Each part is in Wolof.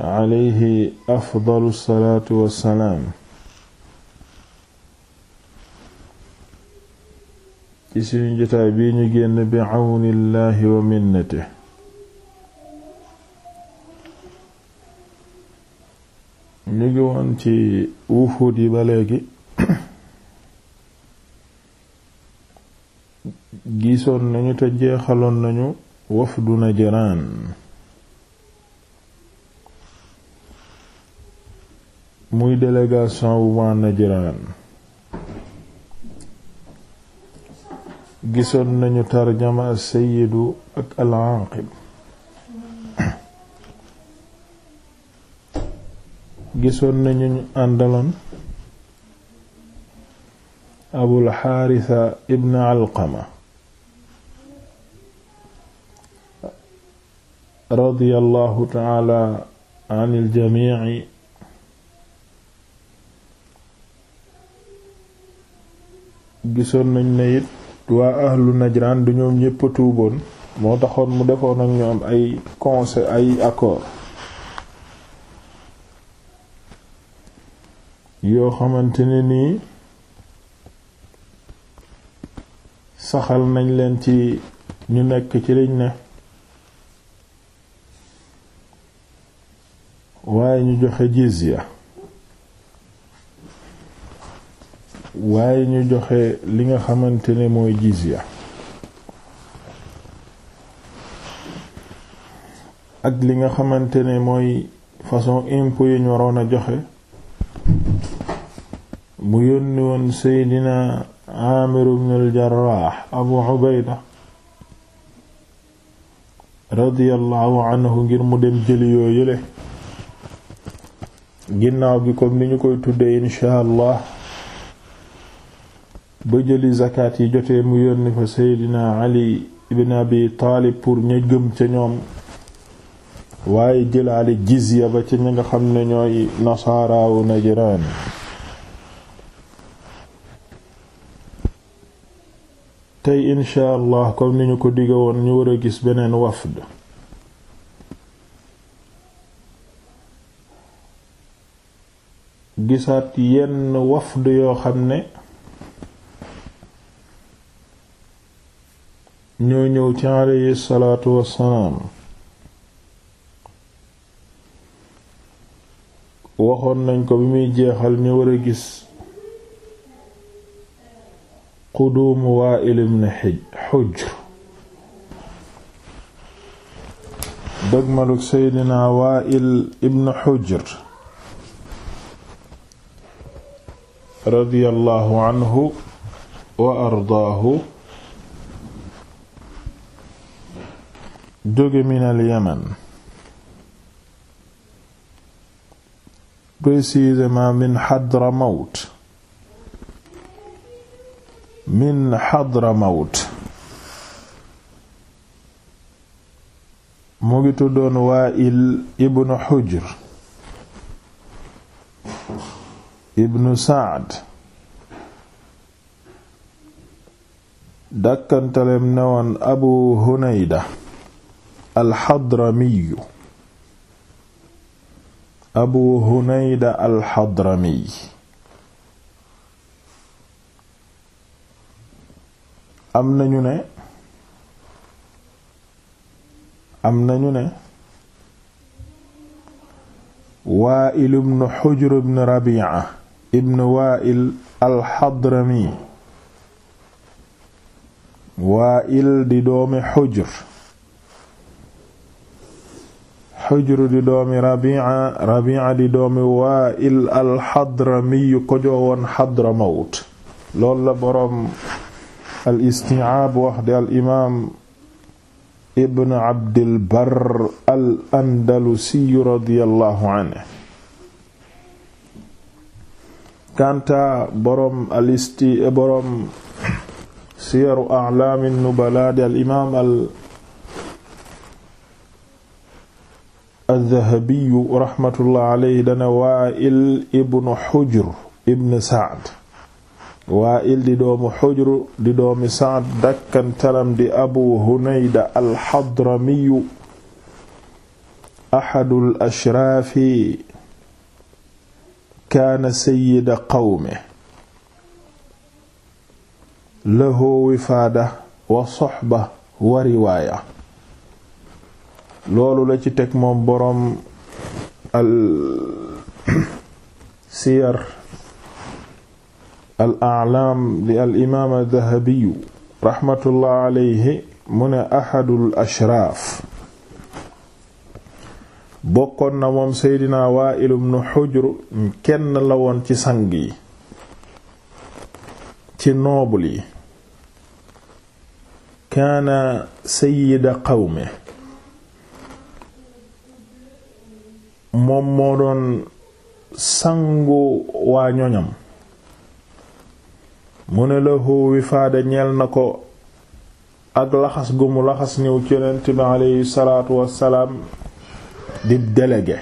alayhi afdalu salaatu wassalaam ci suñu jotaay bii ñu génn bi àwnillaahi wa minnate ñu ngi woon ci wufuut yi ba léegi gisoon nañu te jeexaloon nañu duna Najraan muy délégation wu waa Najraan gisoon nañu tarjama as-sayyidu ak al-aaqib gisoon nañu ñu àndaloon abul xaarisa ibn alqama radiyallahu taala an al jamii gisoon nañ ne it waa ahlu najran du ñoom ñépp a tuuboon moo taxoon mu defoon ak ñoom ay conseil ay accord yoo xamante ne nii saxal nañ leen ci ñu nekk ci liñ ne waaye ñu joxe jizya waaye ñu joxe li nga xamante ne mooy jizya ak li nga xamante ne mooy façon impôt yi waroon a joxe mu yónni woon seydina Aamir ibn al Abu Ubayda radiyallahu anhu ngir mu dem jëli yoo yële ginnaaw gi comme ni ñu koy tuddee insha allah ba jëli zakat yi jotee mu yónni fa seydina ali ibn abi taalib pour ña gëm ca ñoom waaye jëlaale jizya ba ca ña nga xam ne ñooy nasaaraawu najraan tey insha allah comme ni ñu ko digga woon ñu war a gis beneen wafd gisaat yenn wafd yoo xam ne ñoo ñëw ci aleyhi salaatu wassalaam waxoon nañ ko bi muy jeexal ñu war a gis quduumu Waa'il ibn ibn Hujr radiyallahu anhu wa ardaahu jóge minal yaman précisément min Hadramawt min Hadramawt mu ngi tuddoon Waa'il ibn Hujr ibn Sa'd dàkkantalem newoon Abu Hunayda alxadramiyu abu hunayda alxadrami am nañu ne am nañu ne waa'il ibn xujr ibn rabi'a ibn waa'il alxadrami waa'il di doomi xujr alxujr di doomi rabia rabia di doomi waa'il alxadramiyu ko joowoon xadramawt loolu la boroom al isti'aab wax di al imaam ibn abdilbar al andalusiyu radiyallahu anhu kanta boroom al isti boroom siyaru a'laami nubalaa di al imaam al addahabiyu raxmatullah aleyhi dana waail ibnu xujr ibn saad waail di doomu xujr di doomi saad dakkantalam di abu hunayda alxadramiyu axadul ashraafi kaana sayida qawme lahu wifaada wa soxba wa riwaaya loolu la ci teg moom boroom al siyar al a'laam li imaam ad-Dahabi rahmatullah alayhi mu ne ahadul ashraaf bokkoon na moom seydina Waa'il ibn Hujr kenn la woon ci sang yi ci noble yi kaana sayyida qawmi moom moo doon sangu waa ñoñam mu ne lahu wifaada ñeel na ko ak laxas gu mu laxas ñëw ci yonent bi aleyhi salaatu wassalaam di délégué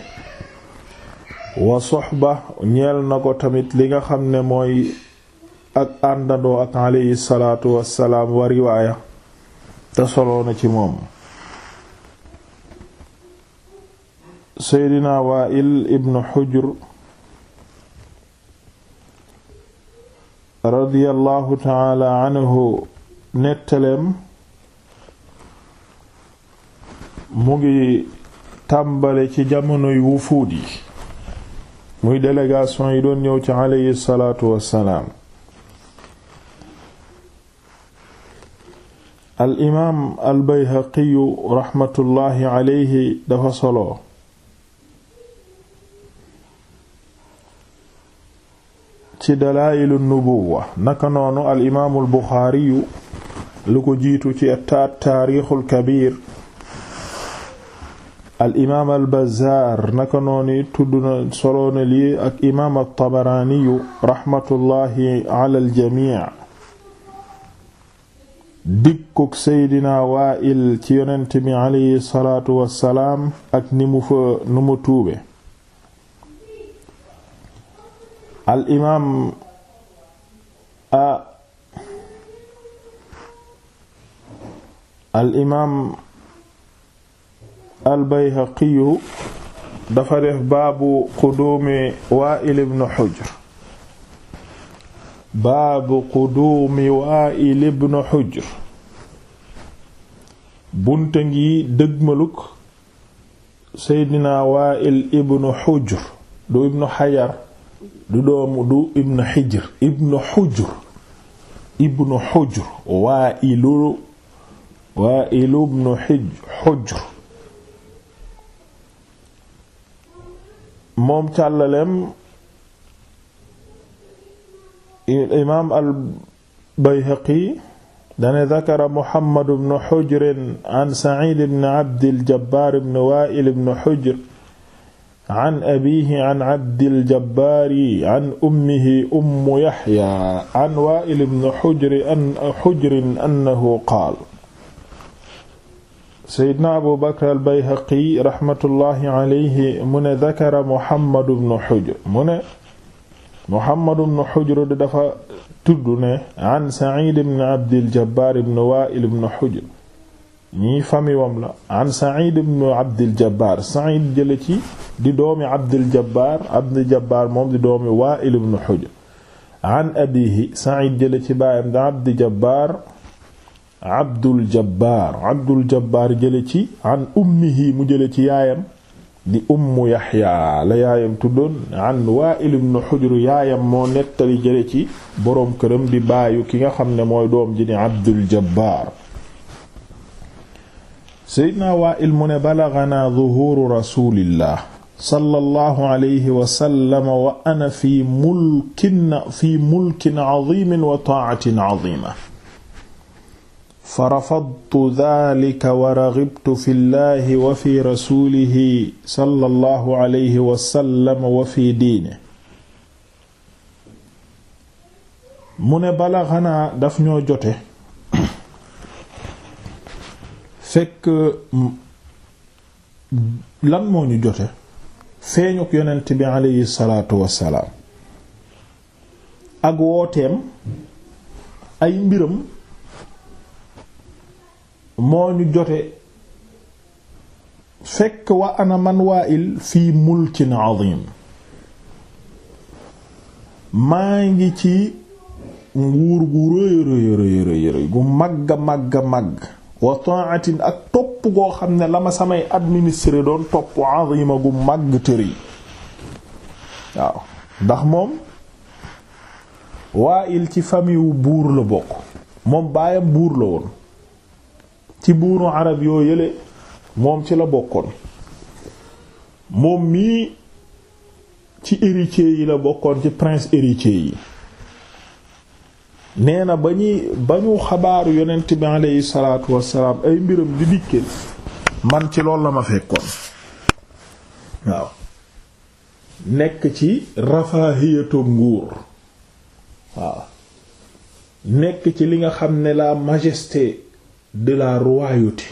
wa ba ñeel na ko tamit li nga xam ne mooy ak àndandoo ak aleyhi salaatu wassalaam wa riwaaya te solo na ci moom seydina Waa'il ibn Hujr radiyallahu taala anhu nettaleem mu ngi tàmbale ci jamonoy wufuud yi muy delegation yi doon ñëw ci aleyhi salaatu wassalaam al imaam al Bayhaqiyu raxmatullaahi aleyhi dafa solo ci dalaa'ilu nubuwa naka noonu al imaamul buxaariyu lu ko jiitu ci at taarixul kabiir al imaam al bazaar naka noonu tudd na solo na lii ak imaam al tabaraaniyu raxmatullaahi alal jamii dikkug seydina waa'il ci yonent mi alayhi salaatu ak ni mu tuube al imaam a al imaam al bayhaqiyu dafa def baabu quduumi waa'il ibn xujr baabu quduumi waa'il ibn xujr bunta ngi dëgmaluk seydina waa'il ibn xujr du ibn xajar du doomu du ibn xijr ibn xujr ibn xujr waa ilu waa ilu ibn xujr moom càllaleem imaam al bayhaqi dane dakara muhammad ibn xujr an saciid ibn abdil jabbaar ibn waa'il ibn xujr an abiihi an Abdil Jabbaari an ummihi ummu Yaxya an Waa'il ibn Hujr an Hujrin annahu qaal. Seydina Abu Bakr al-Bayhaqi rahmatullahi alayhi mu ne dakara Muhammad ibn Hujr mu ne Muhammad ibn Hujr dafa tudd ne an Saciid ibn Abdil Jabbaar ibn Waa'il ibn Hujr ñii famiwam la an Sa'id ibn Abdil Jabbar Sa'id jële ci di doomi Abdil Jabbar Abdil moom di doomi Wa'il ibn Hujr an ci baayam da Abdil Jabbar Abdul Jabbar Abdul Jabbar jële ci an ummihi mu jële ci yaayam di ummu Yaxya la yaayam tuddoon an Wa'il ibn Hujr yaayam moo nettali jële ci boroom këram di baayu ki nga xam ne mooy doom ji ni Abdul Jabbar seydna waa'il mu ne balaganaa duhuuru rasulillah sallallahu alayhi wa sallam wa ana fi mulkin fi mulkin azimin wa taacatin azima fa rafadtu daalika wa ragibtu fi llahi wa fi rasulihi sallallahu alayhi wa sallam wa fi diinihi mu ne balaganaa daf ñoo jote fekk lan moo ñu jote feeñuk yonent bi aleyhi salaatu wassalaam ak wooteem ay mbiram moo ñu jote fekk wa ana man waa'il fii mulkin azim maa ngi ci nguur gu rëy rëy rëy rëy gu màgg màgg màgg wa atin ak topp goo xam ne la ma samay administré doon topp azima gu màgg yi waaw ndax moom Waa'il ci famille wu buur la bokk moom baayam buur la woon ci buuru arab yoo yële moom ci la bokkoon moom mii ci héritier yi la bokkoon ci prince héritier yi nee na ba ñuy ba ñu xabaaru yonent bi aleyhi salaatu wassalaam ay mbiram di dikkee man ci loolu la ma fekkoon waaw nekk ci rafaahiyatu nguur waaw nekk ci li nga xam ne la majesté de la royauté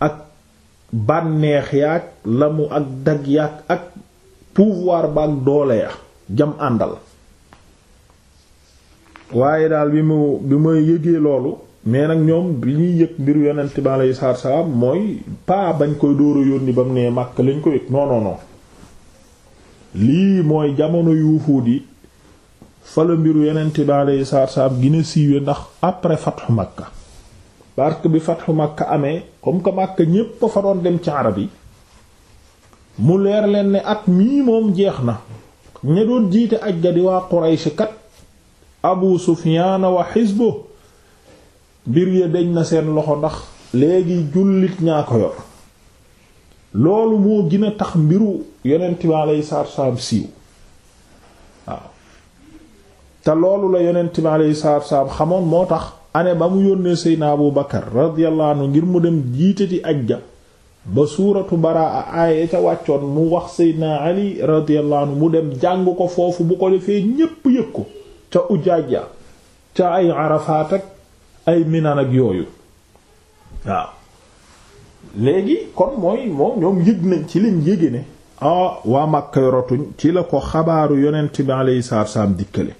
ak bànneex yaag la ak dag yaag ak pouvoir ba ak doole ya jam àndal waaye daal bi mu bi ma yëgee loolu mais nag ñoom bi ñuy yëg mbiru yonent bi alayhi salaatu mooy pa bañ koy dóora yónni ba mu nee Makka lañ ko yëg non lii mooy jamono yuufuut yi fa la mbiru yonent bi alayhi salaatu salaam gina siiwe ndax après fatxu Makka parce bi fatxu Makka amee comme que Makka ñépp a fa doon dem caara bi mu leer leen ne at mii moom jeex na ña doon jiite aj ga di waa Quraysh kat abu sufiana wa xisbu mbir ya deñ na seen loxo ndax léegi jullit ñaa ko yor loolu moo gën a tax mbiru yonent bi alayhi salaatu salaam siiw te loolu la yonent bi alayhi salaatu salaam xamoon moo tax ane ba mu yónnee Seydina Abu Bakar radiyallahu ngir mu dem jiite ci ajja ba suuratu baraa aaya ca wàccoon mu wax Seydina Ali radiyallahu mu dem jàng ko foofu bu ko defee ñépp yëg ko ca ujaaj ya ca ay Arafat ak ay Minan ak yooyu waaw léegi kon mooy moom ñoom yëg nañ ci liñ yége ne ah waa Makka rotuñ ci la ko xabaaru yonent bi alayhi salaatu salaam dikkale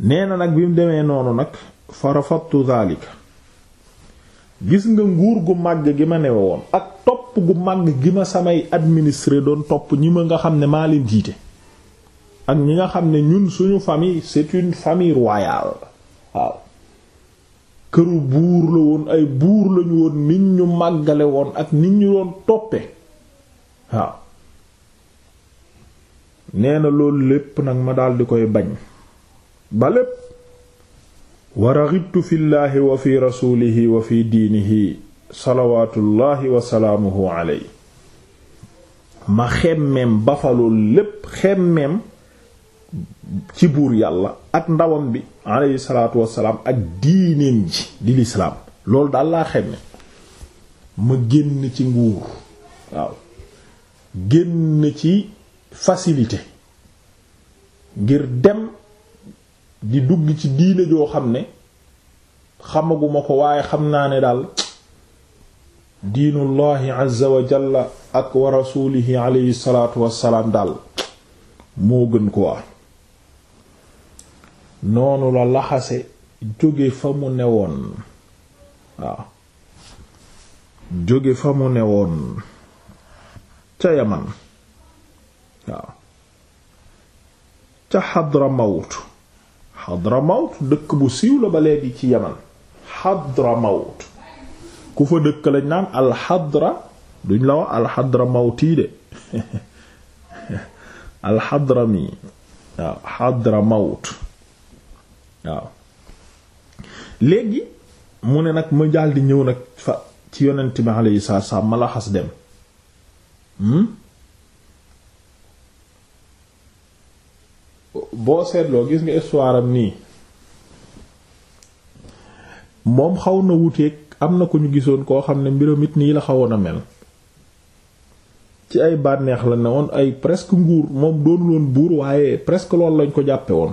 nee na nag bi mu demee noonu nag farafattu zaalika gis nga nguur gu màgg gi ma newe woon ak topp gu màgg gi ma samay administré doon topp ñi ma nga xam ne maa leen jiite ak ñi nga xam ne ñun suñu famille c'est une famille royale waaw këru buur la woon ay buur lañu woon nit ñu màggale woon ak nit ñu doon toppe waaw nee na loolu lépp nag ma daldi koy bañ ba lépp wa raghibtu fillaahi wa fi rasuulihi wa fi diinihi salawaatullaahi wa salaamuhu alayhi ma xemmeem ba fa loolu lépp xemmeem ci buur yàlla ak ndawam bi alayhi salaatu wassalaam ak diineem ji di lislaam loolu daal laa xemme ma génn ci nguur waaw génn ci facilité ngir dem di dugg ci diine joo xam ne xamaguma ko waaye xam naa ne daal diinullahi azza wa ak wa rasulihi alayhi salaatu wassalaam daal moo gën ko waa noonu la laxase jóge fa mu newoon waaw jóge fa mu newoon ca yaman waaw ca Hadramawt Hadramawt dëkk bu siiw la ba léegi ci yaman Hadramawt ku fa dëkk lañ naan alxadra duñ la wax alxadramawti de alxadrami waaw Hadramawt waaw léegi mu ne nag ma di ñëw nag fa ci yonent bi alayhi salaatu salaam ma laxas dem hmm? boo seetloo gis nga histoire nii moom xaw na wuteeg am na ko ñu gisoon koo xam ne mbiram it nii la xawoon a mel ci ay bànneex la ne woon ay presque nguur moom doonul woon buur waaye presque loolu lañ ko jàppe woon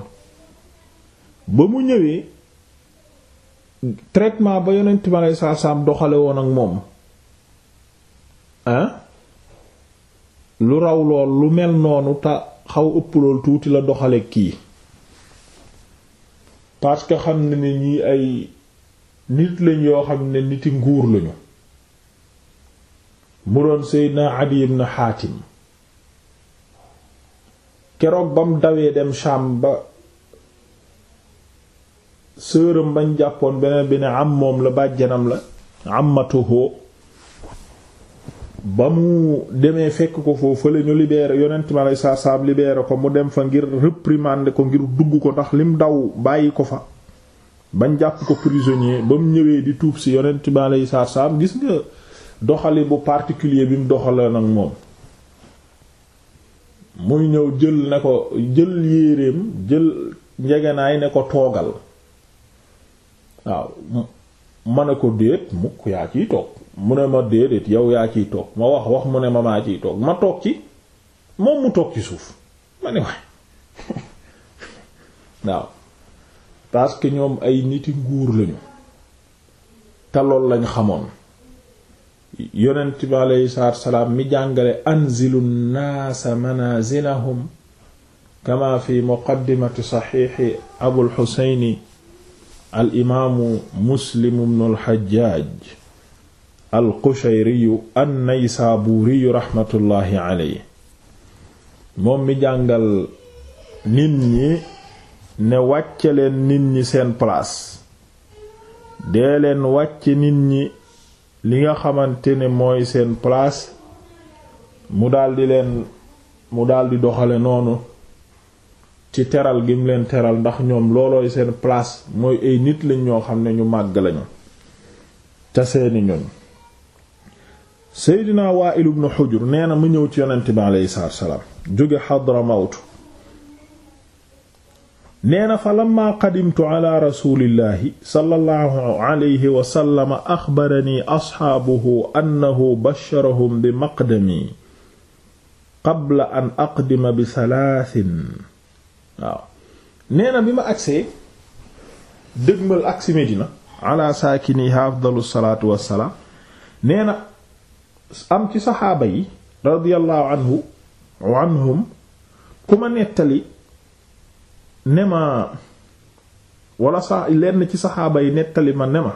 ba mu ñëwee traitement ba yonent bi aleyhi salaatu salaam doxale woon ak moom ah lu raw lool lu mel noonu te xaw ëpp lool tuuti la doxale kii parce xam na ne ñi ay nit lañ yoo xam ne niti nguur lañu mu doon Seydina Adi ibn Xaatim keroog ba mu dawee dem Sham ba sëram bañ jàppoon beneen bi ne am moom la bàjjanam la amatuhu ba mu demee fekk ko foofu la ñu libéré yonent ma lay saa saab ko mu dem fa ngir réprimander ko ngir dugg ko ndax lim daw bàyyi ko fa bañ jàpp ko prisonnier ba mu ñëwee di tuub si yonent ma lay saa saab gis nga doxali bu particulier bi mu doxalee nag moom muy ñëw jël ne ko jël yéreem jël njegenaay ne ko toogal waaw ma ne ko déet mukk yaa ciy toog mu ne ma déedéet yow yaa ciy toog ma wax wax mu ne ma maa ciy toog ma toog ci moom mu toog ci suuf ma ne waay waaw parce ñoom ay niti nguur lañu te lool lañ xamoon yonent bi aleyhi salaatu mi jàngale anzilu naasa manazilahum kama fi muqaddimati saxiixi abul xuseyni al imaamu muslim bnu alxajjaaj al qushayriyu an naysaabuuriyu raxmatullaahi aley moom mi jàngal nit ñi ne wàcce leen nit ñi seen place dee leen wàcce nit ñi li nga xamante ne mooy seen place mu daldi leen mu daldi doxale noonu ci teral gi mu leen teral ndax ñoom loolooy seen place mooy ay nit lañ ñoo xam ne ñu màgg lañu ca seeni ñoñ seydina Waa'il ibn Hujr nee na mu ñëw ci yonent bi aleyhi salaatu salaam jóge Hadramawt nee na fa lamma qadimtu ala rasulillahi sallallahu alayhi wa sallam axbarani bi maqdami qabla an aqdima bi salaasin waaw nee na bi ma agsee dëgmal agsi Medina ala saakiniha afdalu salaatu wassalaam nee na am ci saxaaba yi radiyallahu anhu anhum ku ma nettali ne ma wala sa lenn ci saxaaba yi nettali ma ne ma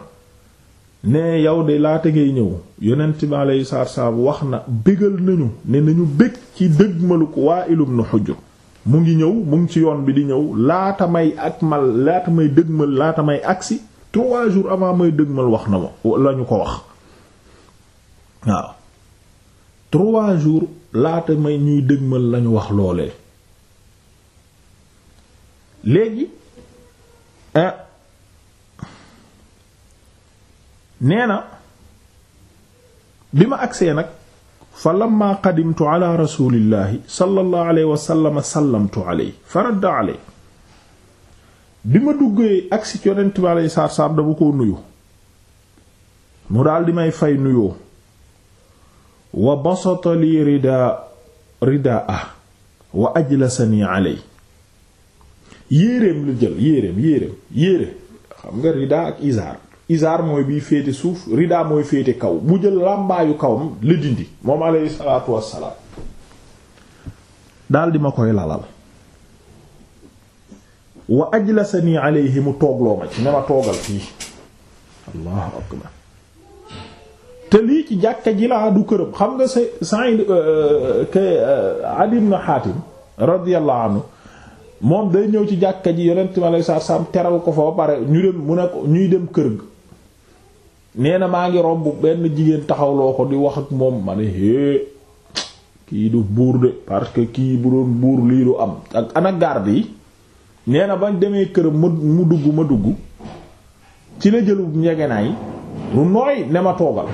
ne yow de laata ngay ñëw yonent bi alayhi salaatu wassalaam wax na bégal nañu ne nañu bég ci dëgmalu ko waa ilum nu xujur mu ngi ñëw mu ngi ci yoon bi di ñëw laata may ak mal laata may dëgmal laata may agsi trois jours avant may dëgmal wax na ma lañu ko wax waaw trois jours laata may ñuy dëgmal lañu wax loolee léegi ah, nee na bi ma agsee nag fa lamma qadimtu ala rasulillahi sallallahu alayhi wa sallamtu alayhi fa radda alayhi bi ma duggee agsi ci bi alayhi salaatu salaam dama koo nuyu mu daal di may fay nuyoo wa basata li ridaa ridaa wa ajlasani alayhi yéeréem la jël yéeréem yéeréem yéere xam nga ridaa ak izaar isaar mooy bii féete suuf rida mooy féete kaw mu jël làmbaayu kawam la dindi moom alayhi salaatu wassalaam daal di ma koy lalal wa ajlasani alayhi mu toogloo ma ci ne ma toogal fii te lii ci jàkka ji laa du këram xam nga sa Sa'id euh, ke euh, Adi ibn Hatim radiyallahu anhu moom day ñëw ci jàkka ji yonent mi alayhi salaam teral ko fa ba pare ñu dem mu ne ko ñuy dem kër nee na maa ngi romb benn jigéen taxawloo ko di wax ak moom ma ne hé kii du buur de parce que kii bu doon buur lii du am ak ana garde yi nee na bañ demee këram ma mu dugg ma dugg ci la jëlub njegenaay lu nooy ne ma toogal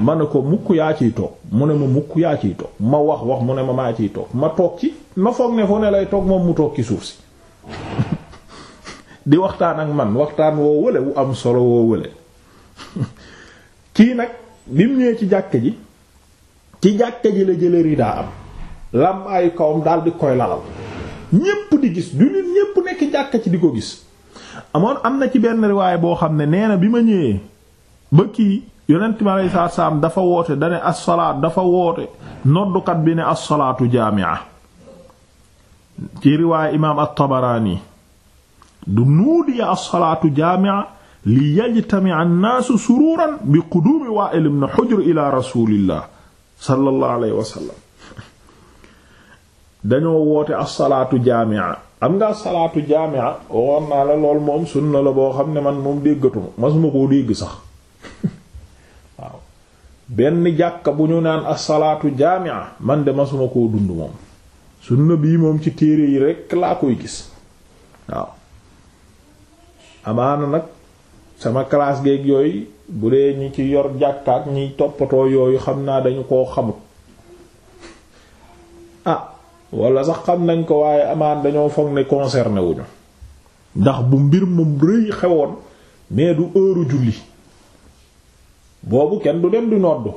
ma ne ko mukk yaa ciy toog mu ne ma mukk yaa ciy toog ma wax wax mu ne ma maa ciy toog ma toog ci ma foog ne fu ne lay toog moom mu toog ci suuf si di waxtaan ak man waxtaan woo wële wu am solo woo wële kii nag bi mu ci jàkke ji ci jàkke ji la jële ridaa am làmbaayu kawam daal di koy lalal ñépp di gis du nit ñépp nekk jàkka ci di ko gis amoon am na ci benn riwaay boo xam ne nee na bi ma ñëwee ba kii yonent mi aleyhi dafa woote dane as-salaat dafa woote noddukat bi ne as-salaatu jaami'a ci riwaay imaam at-Tabaraani du nuudiya as-salaatu jaami'a li yajtami'a an-naasu sururan bi quduumi Waa'il ibn Hujr ila rasulillah sallallahu alayhi wa sallam dañoo woote as-salaatu jaami'a am nga salaatu jaami'a waxoon naa lool moom boo xam ne man moom déggatuma masuma koo dégg sax waaw benn jàkka bu ñu naan as-salaatu jaami'a man de masuma koo yi rekk laa amaana nag sama classe geeg yooyu bu dee ñi ci yor jàkkaak ñiy toppatoo yooyu xam naa dañu koo xamut a ah, wala sax xam nañ ko waaye amaan dañoo foog ne concerné wuñu ndax bu mbir mu rëy xewoon mais du heure julli boobu kenn du dem du noddu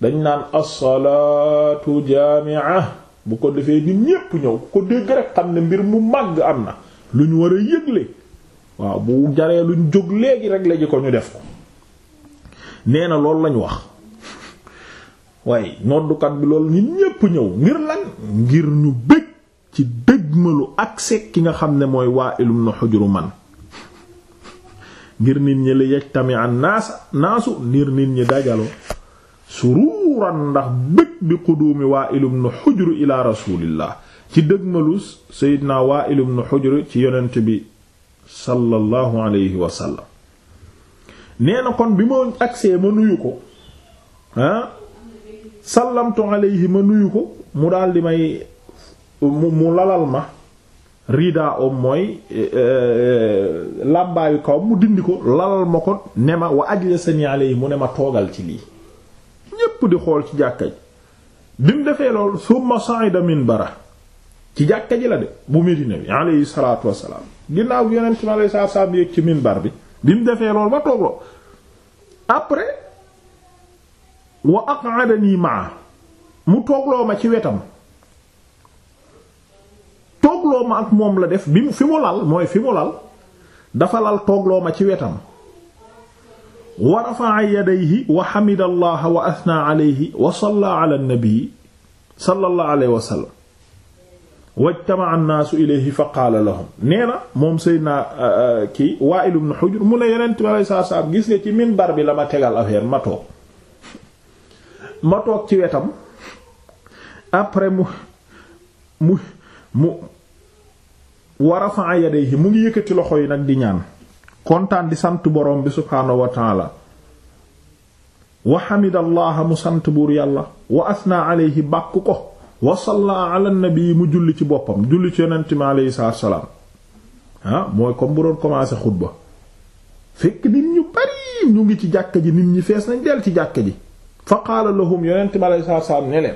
dañ naan as-salaatu jaami'a bu ko defee nit ñépp ñëw ko dégg rek xam ne mbir mu màgg am na lu ñu war a yëgle waaw bu jaree luñ jóg léegi rek la ko ñu def ko nee na loolu lañ wax waaye noddukat bi loolu nit ñépp ñëw ngir lan ngir ñu bëgg ci dëgmalu ak sekk ki nga xam ne mooy waa ilum na xujuru man ngir nit ñi la yej tami an naasa naasu ngir nit ñi dajalo suruuran ndax bëgg bi xuduumi waa ilum na xujuru ila rasulillah ci dëgmalu seydinaa waa ilum na xujuru ci yonent bi sallallahu alayhi wa sallam nee na kon bi ma agsee ma nuyu ko ah sallamtu alayhi ma nuyu ko mu daal di may mu lalal ma rida om mooy e, e, e, làbbaayu kaw mu dindi ko lalal ma ko ne ma wa ajlasani alayhi mu ne ma toogal ci lii ñépp di xool ci jàkka ji bi mu defee loolu summa sa'ida bara ci jàkka ji la de bu Medina bi alayhi salaatu wassalaam ginnaaw yeneen yonent ma lay saa saam yéeg ci minbar bi bi mu defee loolu ba toogloo après wa aq'adani maa mu toogloo ma ci wetam toogloo ma ak moom la def bi mu fi mu lal mooy fi mu lal dafa lal toogloo ma ci wetam wa rafa'a yadayhi wa hamida wa athna alayhi wa salla ala an-nabi sallallahu wa sallam wajtama annaasu ilayhi fa qaala lahum nee na moom Seydina euh, euh, kii Waa'il ibn Hujr mu ne yeneen tamit saa saa gis nga ci bar bi la ma tegal affaire ma toog ma toog ci wetam après mu mu mu wa rafa'a yadayhi mu ngi yëkkati loxo yi nag di ñaan kontaan di sant borom bi subhaanahu wa ta'aala wa hamida mu sant buur yàlla wa asnaa alayhi bàkk ko. wa salla ala nabi mu julli ci boppam julli ci yonent mi aleyhi salaatu salaam mooy comme bu doon commencé xutba fekk nit ñu bari ñu ngi ci jàkka ji nit ñi fees nañ del ci jàkka ji fa qaala lahum yonent mi aleyhi salaatu salaam ne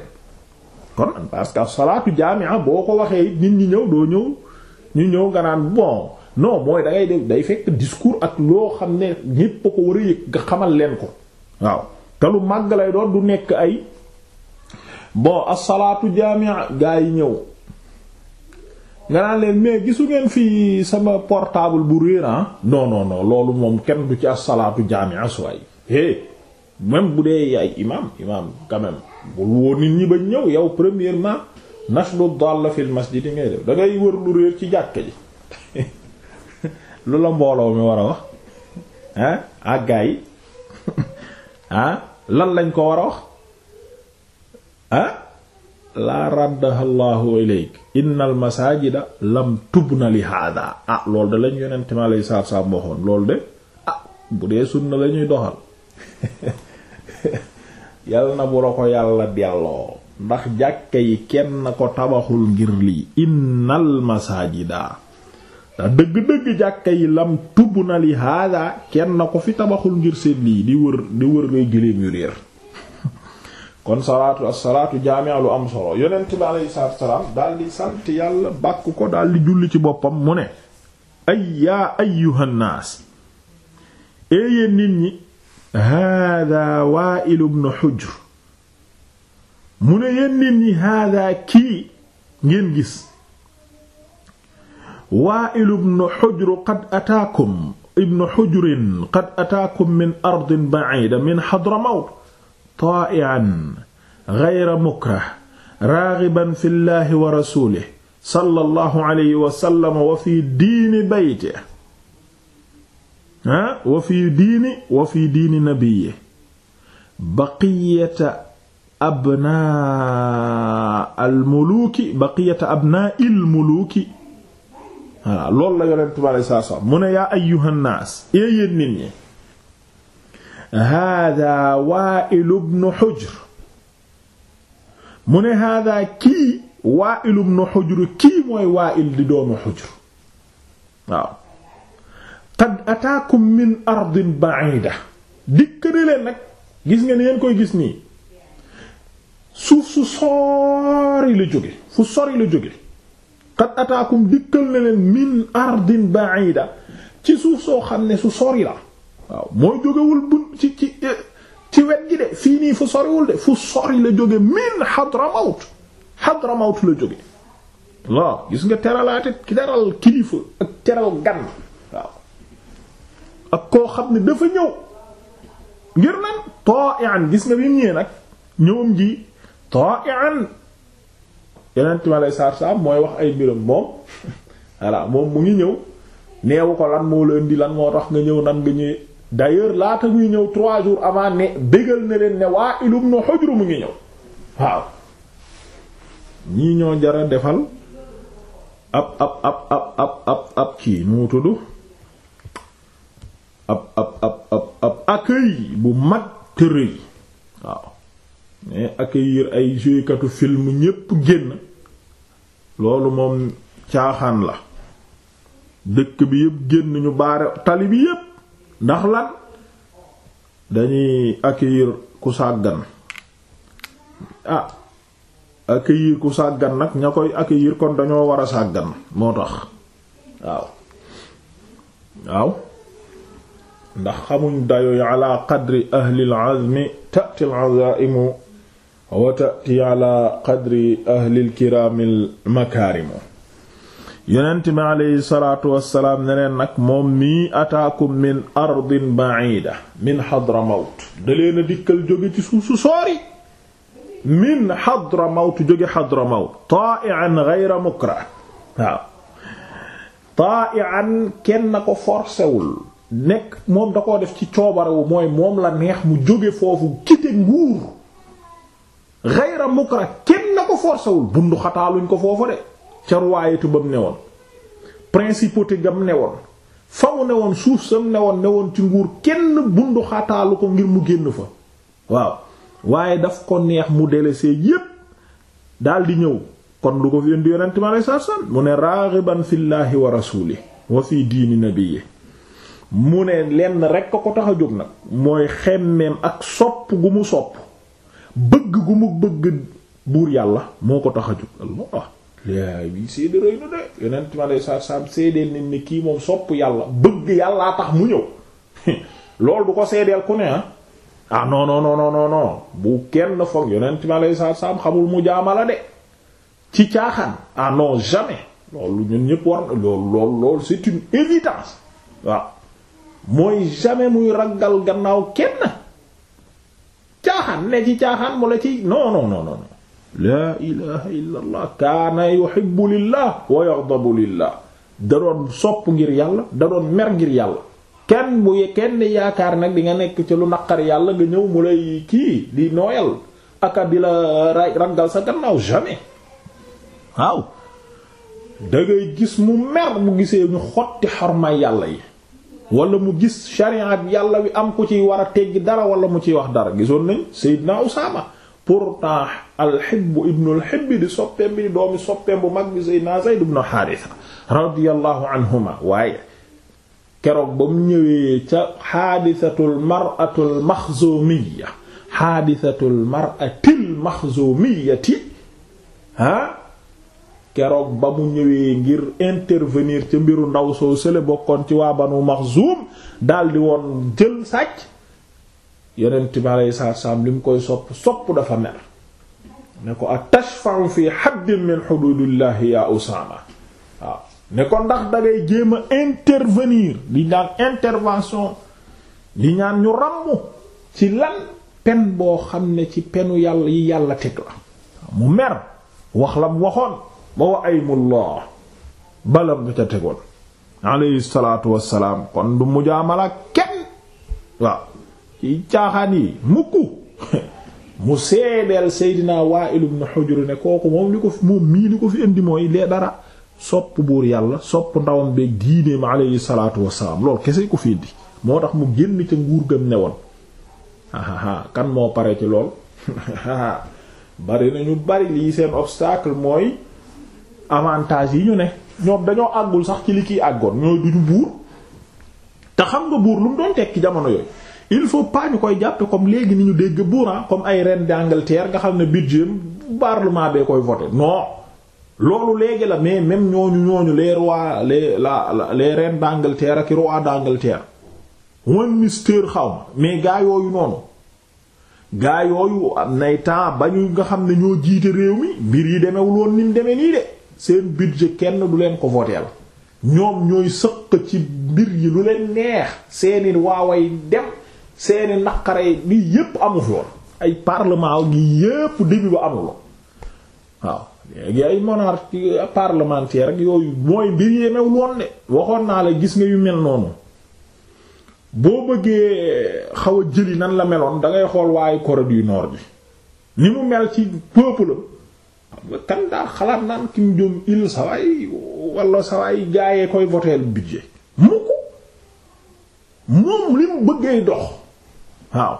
kon parce que salaatu boo ko waxee nit ñi ñëw doo ñëw ñu ñëw nga naan bon non mooy da ngay def day fekk discours ak loo xam ne ñépp a ko war a yëg xamal leen ko waaw te lu màgg lay doon du nekk ay. bon asalaatu jaamia gaa yi ñëw nga naan leen mais gisu ngeen fii sama portable bu réer ah non loolu moom kenn du ci asalaatu jaamia suwaay hey même bu dee ay imam imam quand bul woo nit ñi ba ñëw yow premièrement nashdu dall fil masjid yi ngay def da ngay wër lu réer ci jàkka ji lu la mbooloo mi war a wax ah ak ah, gaa yi ah lan lañ ko war a wax ah laa raddaha llahu ilayk innal masajida lam tub li hada ah loolu de lañ yonente mi aleyi salaatu salaam waxoon de ah bu dee sunna la ñuy doxal yàlla na bu la ko yàlla delloo ndax jàkke yi kenn ko tabaxul ngir lii innal masajida ndax dëgg-dëgg jàkke yi lam tub li hada kenn ko fi tabaxul ngir seen lii di wër di wër ngay gëléem yu réer kon salaatu assalaatu jaami'a lu am solo yonent bi alayhi salaatu salaam daal di sant yàlla bàkk ko daal di julli ci boppam mu ne ay yaa ayyuhan naas éeyéen nit ñi hàdda Waa'il ibn Hujr mu ne yéen nit kii ngeen gis Waa'il ibn Hujr qad ataakum ibn Hujrin qad ataakum min ardin ba'iida min Hadramawt taa'ian ghayra mukrah raagiban fi llahi wa rasulihi sallallahu alayhi wa sallam wa fi diini baytihi ha wa fi diini wa fi diini nabiyyihi baqiyata abnaa almuluuki baqiyata abnaa ilmuluuki voilà loolu la yonent bi alayhi salaatu wa salaam mu ne yaa ayyuhan naas yéen nit ñi hada Waa'il ibn Hujr mu ne hada kii Waa'il ibn Hujr kii mooy Waa'il di doomu Hujr waaw ataakum min ardin ba'ida dikk na nag gis nga ni koy gis nii suuf su sori la jóge fu sori la jóge qad ataakum dikkal na min ardin ba'ida ci suuf soo xam ne su sori waaw mooy jógewul bu ci ci eh, ci wet gi de fii nii fu soriwul de fu sori la jóge min Hadramawt Hadramawt la jóge waaw gis nga teralaate teral kilifa ak teral gan waaw ak koo xam ne dafa ñëw ngir nan ta'ian gis nga bi mu ñëwee nag ñëwam ji ta'ian yeneen time lay saar saar mooy wax ay mbiram moom voilà moom mu ngi ñëw neewu ko lan moo leen di lan moo tax nga ñëw nan nga ñëwee d'ailleurs laata muy ñëw trois jours avant ne bégal na leen ne waa ilum no xojru mu ngi ñëw waaw ñii ñoo jara defal ab ab ab ab ab ab ab kii bu mag te rëy waaw mais accueillir ay jouekatu film ñépp génn loolu moom caaxaan la dëkk bi yépp génn ñu baare tali bi yépp ndax la dañuy accueillir ku sàggan ah accueillir ku sàggan nag ña koy accueillir kon dañoo war a sàggan moo tax waaw waaw ndax xamuñ dayoy ala qadri ahlil azmi tati al wa tati ala qadri ahlil kiramil makarimu yonent mi aleyhi salaatu wassalaam ne leen nag moom mii ataakum min ardin ba'ida min Hadramawt da leen a dikkal jóge ci suuf su soori min Hadramawt jóge Hadramawt taa'ian ghayra mukrah ko forcéwul nekk moom da def ci coobarewu mooy moom la neex mu jóge foofu kite nguur ghayra ko forcéwul bundu xataaluñ ko foofu de ca ruwaayatu ba mu ne woon principauté ga mu ne woon fa ne woon suuf sa mu ne woon ne woon ci nguur kenn bundu ko ngir mu génn fa waaw waaye daf ko neex mu délaissé yépp daldi ñëw kon lu ko fi indi yonent mi alei satu mu ne raaxiban fillaahi wa rasuuli wa fi diini nabiyi mu ne lenn rekk ko tax a jóg nag mooy xemmeem ak sopp gu mu sopp bëgg gu mu bëgg buur yàlla moo ko tax a jóg laay bi seede rëy de yonent ma lay sa saam seedeel nit ni kii moom sopp yàlla bëgg a tax mu ñëw loolu du ko seedeel ku ne ah ah non non non bu kenn foog yonent ma lay sa saam xamul mu jaamala de ci caaxaan ah non jamais loolu ñun ñëpp war na loolu loolu loolu c'est une évidence waaw mooy jamais muy raggal gannaaw kenn caaxaan ne ci caaxaan mu la ci non non non non. laa ilaha illa allah kaana yuhibbu lillah wa yaghdabu lillah da doon sopp ngir yàlla da doon mer ngir yàlla kenn bu kenn yaakaar nag di nga nekk ci lu naqar yàlla nga ñëw mu lay kii di nooyal aka di la rangal sa gannaaw jamais waaw da ngay gis mu mer bu gisee ñu xotti xormaay yàlla yi wala mu gis shariat yàlla wi am ku ciy war a teggi dara wala mu ciy wax dara gisoon nañ Seydina Usaama pourtant alxibbu ibnu lxibbi di soppeem bi di doomi soppeem bu mag bi Seydina Zayd ibnu Haarisa radiyallahu anhuma waaye keroog ba mu ñëwee ca xaadisatul mar'atul maxzuumiyya xaadisatul mar'atil maxzuumiyyati ah keroog ba mu ñëwee ngir intervenir ca mbiru ndaw soo sële bokkoon ci waa Banu Maxzuum daldi woon jël sàcc yonent bi aleyhi salaatu salaam li mu koy sopp sopp dafa mer ne ko ak tashfa'u fi haddin min hududillahi ya Usaama waaw ne ko ndax dangay jéem a intervenir di ñaan intervention di ñaan ñu ràmm ci lan pen boo xam ne ci penu yàlla yi yàlla teg la mu mer wax la mu waxoon ba wa aymullah balam bu ca tegoon aleyhi salaatu wassalaam kon du mujaamala kenn waaw ci caaxaan yi mukk mu seedeel Seydina Wa'il ibn Hujr ne kooku moom li ko fi moom mii li ko fi indi mooy lee dara sopp buur yàlla sopp ndawam beeg diineem alayhi salaatu wassalaam loolu kese ko fi indi moo tax mu génn ca nguur gëm ne woon kan moo pare ci lool bari na ñu bari lii seen obstacle mooy avantage yi ñu ne ñoom dañoo àggul sax ci li kiy àggoon ñooy duñu buur te xam nga buur lu mu doon tekki jamono yooyu il faut pas ñu koy jàppe comme léegi ni ñu dégg buuran ah, comme ay reine d'Angleterre nga xam ne budget parlement bee koy voté non loolu léegi la mais même ñooñu ñooñu lee rois les la les reines d'Angleterre ak roi d'Angleterre Westminster xaw mais gaa yooyu noonu gaa yooyu am nay temps ba ñu nga xam ne ñoo jiite réew mi mbir yi demewul woon ni mu demee nii de seen budget kenn du leen ko voté la ñoom ñooy sëq ci mbir yi lu leen neex seeni waaway dem seeni naqare gi yépp amu woon ay parlement gi yépp début ba amul waaw léegi ay monarchie parlementaire yooyu mooy mbir yemewul woon de waxoon naa la gis nga yu mel noonu boo bëggee xaw a jëli nan la meloon dangay xool waaye Corée du Nord bi ni mu mel ci peuple am kan daa xalaat naan Kim Jong Il sawaay wala sawaay gaayee koy voteel budget mu moom li mu bëggee dox waaw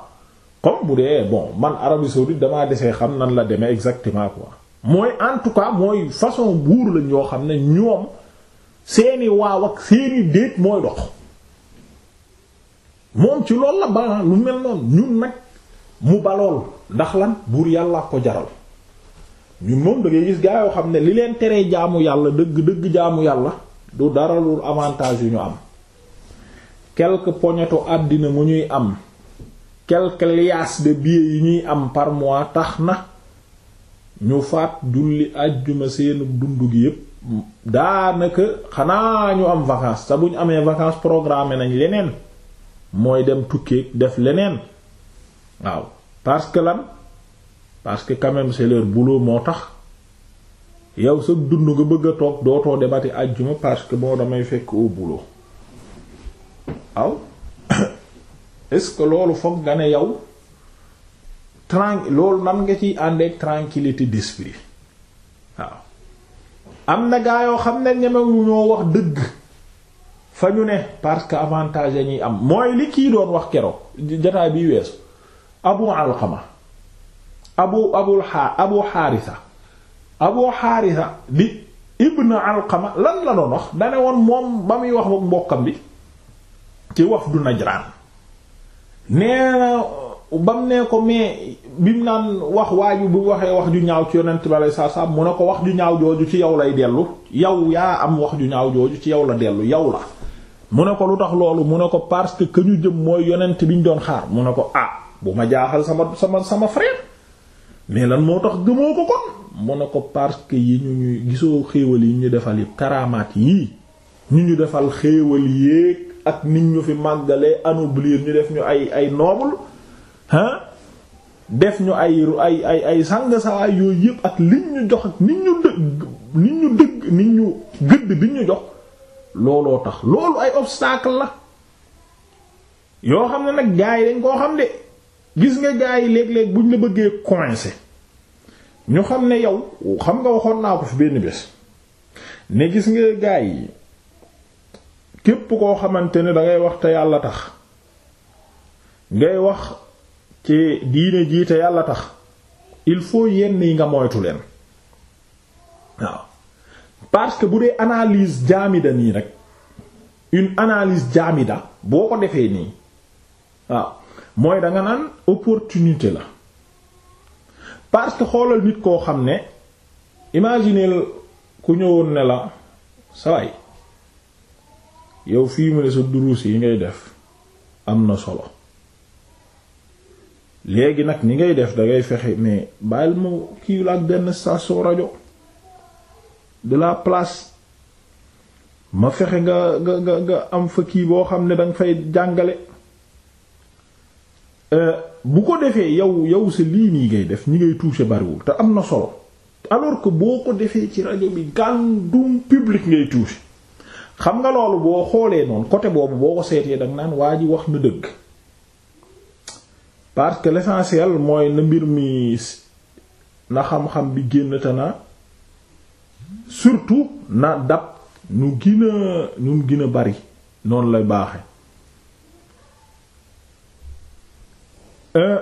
comme bu dee bon man Arabie saoudite damaa desee xam nan la demee exactement quoi mooy en tout cas mooy façon buur la ñoo xam ne ñoom seeni waaw ak seeni déet mooy dox moom ci loolu la ba lu mel noonu ñun nag mu balool ndax lan buur yàlla ko jaral ñun moom da ngay gis gaa yoo xam ne li leen teree jaamu yàlla dëgg dëgg jaamu yàlla du daralul avantage yu ñu am quelque poñeto àddina mu ñuy am quelques liasses de billets yi ñuy am par mois tax na ñu faat julli àjjuma seen dund gi yépp daanaka xanaa ñu am vacances sa bu ñu amee vacances programmé nañ leneen mooy dem tukkeeg def leneen waaw parce que lan parce que quand même c'est moo tax yow sa dund nga bëgg a toog dootoo demati àjjuma parce que boo damay fekk au waaw est-ce que loolu foog nga ne yow tran loolu nan nga ciy àndeek tranquillité d'esprit waaw am na gaa yoo xam ne ñemewu wax dëgg fa ñu ne parce que avantage la ñuy am mooy li kii doon wax kero jataay biy weesu abu alqama abu abul abu xaarisa abu xaarisa di ibn alqama lan la doon wax dane woon moom ba muy wax ak mbokkam bi ci wafdu najraan nee na bam ne ko mais bi mu naan wax waaju bu waxee wax ju ñaaw ci yonent bi saa saa mu ne ko wax ju ñaaw jooju ci yow lay dellu yow yaa am wax ju ñaaw jooju ci yow la dellu yow la mu ne ko lu tax loolu mu ne ko parce que que ñu jëm mooy yonent bi ñu doon xaar mu ne ko ah bu ma jaaxal sama sama sama frère mais lan moo tax gëmoo ko kon mu ne ko parce que yi ñu ñuy gisoo xéewal yi ñu defal yi karaamaat yii ñu ñu defal xéewal yéeg ak nit ñu fi màggalee anoblir ñu def ñu ay ay noble ah def ñu ay ay ay ay sàng sawaay yooyu yëpp ak liñ ñu jox ak nit ñu dëgg nit ñu dëgg gëdd bi ñu jox looloo tax loolu ay obstacle la yoo xam ne nag gaa yi dañ koo xam de gis nga gaa yi léeg-léeg buñ la bëggee coincé ñu xam ne yow xam nga waxoon naa ko fi benn bés ne gis nga gaa yi képp koo xamante ne dangay wax te yàlla tax ngay wax ci diine jii te yàlla tax il faut yenn yi nga moytu leen waaw parce que bu dee analyse jaamida nii rek une analyse jaamida boo ko defee nii waaw mooy danga naan opportunité la parce que xoolal nit koo xam ne imaginez ku ñëwoon ne la saway yow fii mu ne sa duruus yi ngay def am na solo léegi nag ni ngay def dangay fexe mais bàyyil ma kii la ak benn station rajo de la place ma fexe nga nga nga am fa kii boo xam ne danga fay jàngale euh, bu ko defee yow yow sa lii nii ngay def ñi ngay toucher bariwul te am na solo alors que boo ko defee ci rajo bi gàndum public ngay tuusi xam nga loolu boo xoolee noonu côté boobu boo ko seetee danga naan waa ji wax na dëgg parce que l'essentiel mooy na mbir mi na xam-xam bi génn te na surtout na dab nu gën a nu a bari noonu lay baaxe euh,